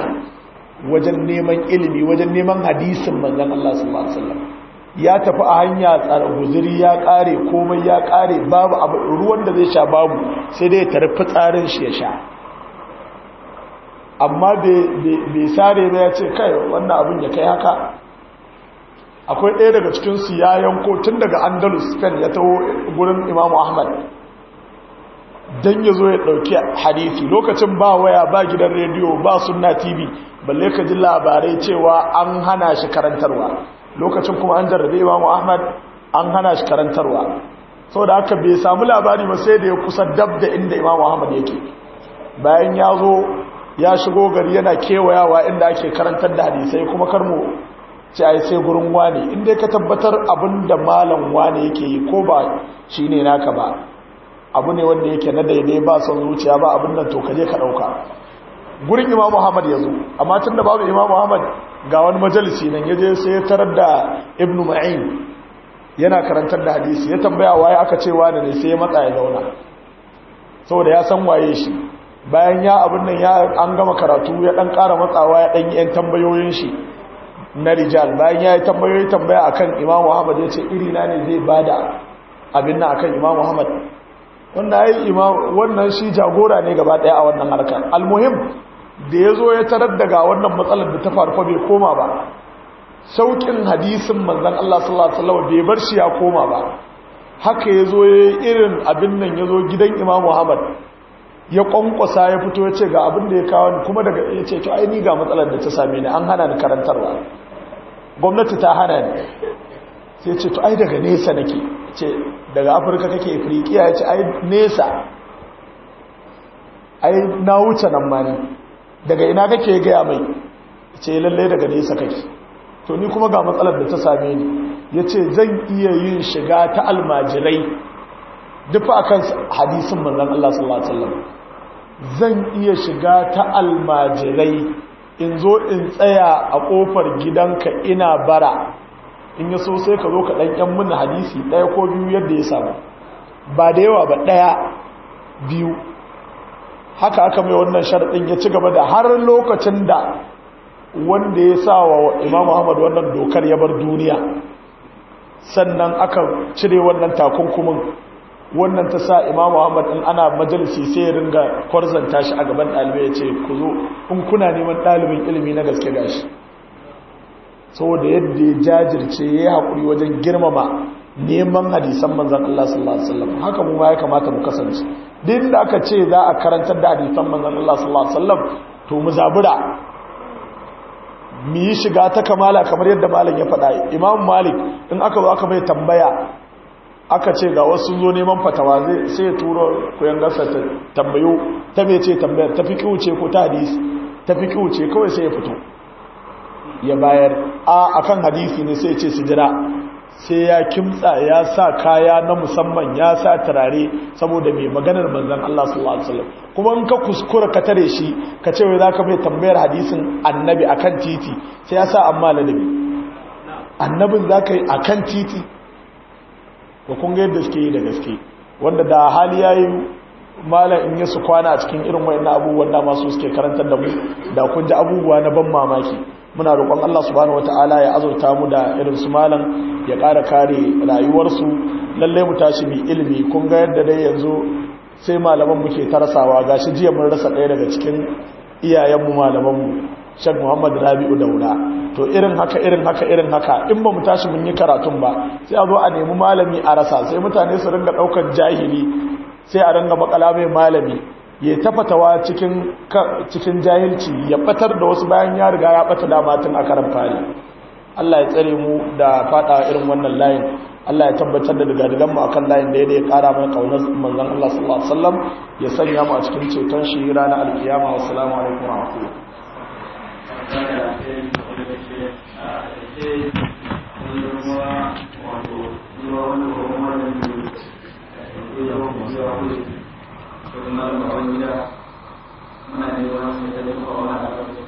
wajen neman ilimi wajen neman hadisin manzan Allah sallallahu alaihi wasallam ya tafi a hanya tsara guziri ya kare komai ya kare babu abu ruwan da zai sha babu sai dai tarfi tsarin shi ya sha amma bai sare ba ya ce kai wannan abin ya kai haka akwai ɗaya daga cikinsu ya yanko tun daga andalus spain ya taho gurin imamu ahmad don ya zo ya ɗauki hadithi lokacin ba waya ba gidan rediyo ba sunna tv balle ka ji labarai cewa an hana shi karantarwa lokacin kuma an jarrabe mu ahmad an hana shi karantarwa da haka bai samu labari ba sai da ya kusa dab da inda imamu ahmad yake bayan ya zo ya shigo gari yana kewayawa inda ake karantar da hadisai kuma kar karmo ci ai sai gurin wani inda ka tabbatar abin da malam wani yake yi ko ba shi ne naka ba abu ne wanda yake na daidai ba son zuciya ba abin nan to ka je ka ɗauka gurin imam muhammad ya zo amma tun da babu imam muhammad ga wani majalisi nan ya je sai ya tarar da ibnu ma'in yana karantar da hadisi ya tambaya waye aka ce wani ne sai ya matsa ya zauna saboda ya san waye shi bayan ya abin nan ya an gama karatu ya dan kara matsawa ya dan yi yan tambayoyin shi na rijal bayan ya yi tambayoyi tambaya akan imam muhammad ya ce iri na ne zai bada abin nan akan imam muhammad wannan wannan shi jagora ne gaba daya a wannan harkar almuhim da ya zo ya tarar daga wannan matsalar da ta faru bai koma ba saukin hadisin manzan Allah sallallahu alaihi wasallam bai bar shi ya koma ba haka ya zo ya irin abin nan ya zo gidan Imam Muhammad ya ƙwanƙwasa ya fito ya ce ga abin da ya kawo ni kuma daga ya ce to ai ni ga matsalar da ta same ni an hana ni karantarwa gwamnati ta hana ni sai ce to ai daga nesa nake ce daga Afirka kake Afirkiya ya ce ai nesa ai na wuce nan ma ne daga ina kake gaya mai ce lalle daga nesa kake to ni kuma ga matsalar da ta same ni ya ce zan iya yin shiga ta almajirai dufa a kan hadisun manzan Allah sallallahu Alaihi wasallam zan iya shiga ta almajirai in zo in tsaya a ƙofar gidanka ina bara in ya so sai ka zo ka ɗan ɗanƙen mun hadisi ɗaya ko biyu yadda ya samu ba da yawa ba ɗaya biyu haka aka mai wannan sharɗin ya ci gaba da har lokacin da wanda ya sa wa Imam ahmad wannan dokar ya bar duniya sannan aka cire wannan takunkumin wannan ta sa imamu ahmad in ana majalisi sai ya ringa kwarzanta shi a gaban ɗalibai ya ce ku zo in kuna neman ɗalibin ilimi na gaske gashi saboda yadda ya jajirce ya yi haƙuri wajen girmama neman hadisan manzan Allah sallallahu alaihi wasallam haka mu ya kamata mu kasance din da aka ce za a karantar da hadisan manzan Allah sallallahu alaihi wasallam to mu zabura mu yi shiga ta kamala kamar yadda malam ya faɗa imam malik in aka zo aka mai tambaya aka ce ga wasu zo neman fatawa sai ya turo koyan gasa ta tambayo ta mai ce tambayar ta fi ce ko ta hadisi ta fi ce kawai sai ya fito ya bayar a akan hadisi ne sai ce su jira sai ya kimtsa ya sa kaya na musamman ya sa turare saboda mai maganar manzan Allah sallallahu alaihi wasallam kuma in ka kuskura ka tare shi ka ce wai zaka mai tambayar hadisin annabi akan titi sai ya sa amma ladabi annabin zaka yi akan titi ko kun ga yadda suke yi da gaske wanda da hali yayi malam in yi su kwana a cikin irin wayannan abubuwan da masu suke karantar da mu da kun ji abubuwa na ban mamaki muna roƙon Allah subhanahu wataala ya azurta mu da irin su malam ya ƙara kare rayuwarsu lalle mu tashi mai ilimi kun ga yadda dai yanzu sai malaman muke tarasawa gashi jiya mun rasa ɗaya daga cikin iyayenmu malamanmu shan muhammad rabi'u daura to irin haka irin haka irin haka in ba mu tashi mun yi karatun ba sai a zo a nemi malami a rasa sai mutane su ringa ɗaukar jahili sai a ringa makala mai malami ya tafatawa cikin jahilci ya batar da wasu bayan ya riga ya bata dama a karan fari Allah ya tsare mu da fada irin wannan layin Allah ya tabbatar da dagadagan mu akan layin da ya kara mana kaunar manzon Allah sallallahu alaihi wasallam ya sanya mu a cikin ceton shi ranar alkiyama wa salamu alaikum wa rahmatullahi ko kuma da mawan gida muna neman sai da duk kowa da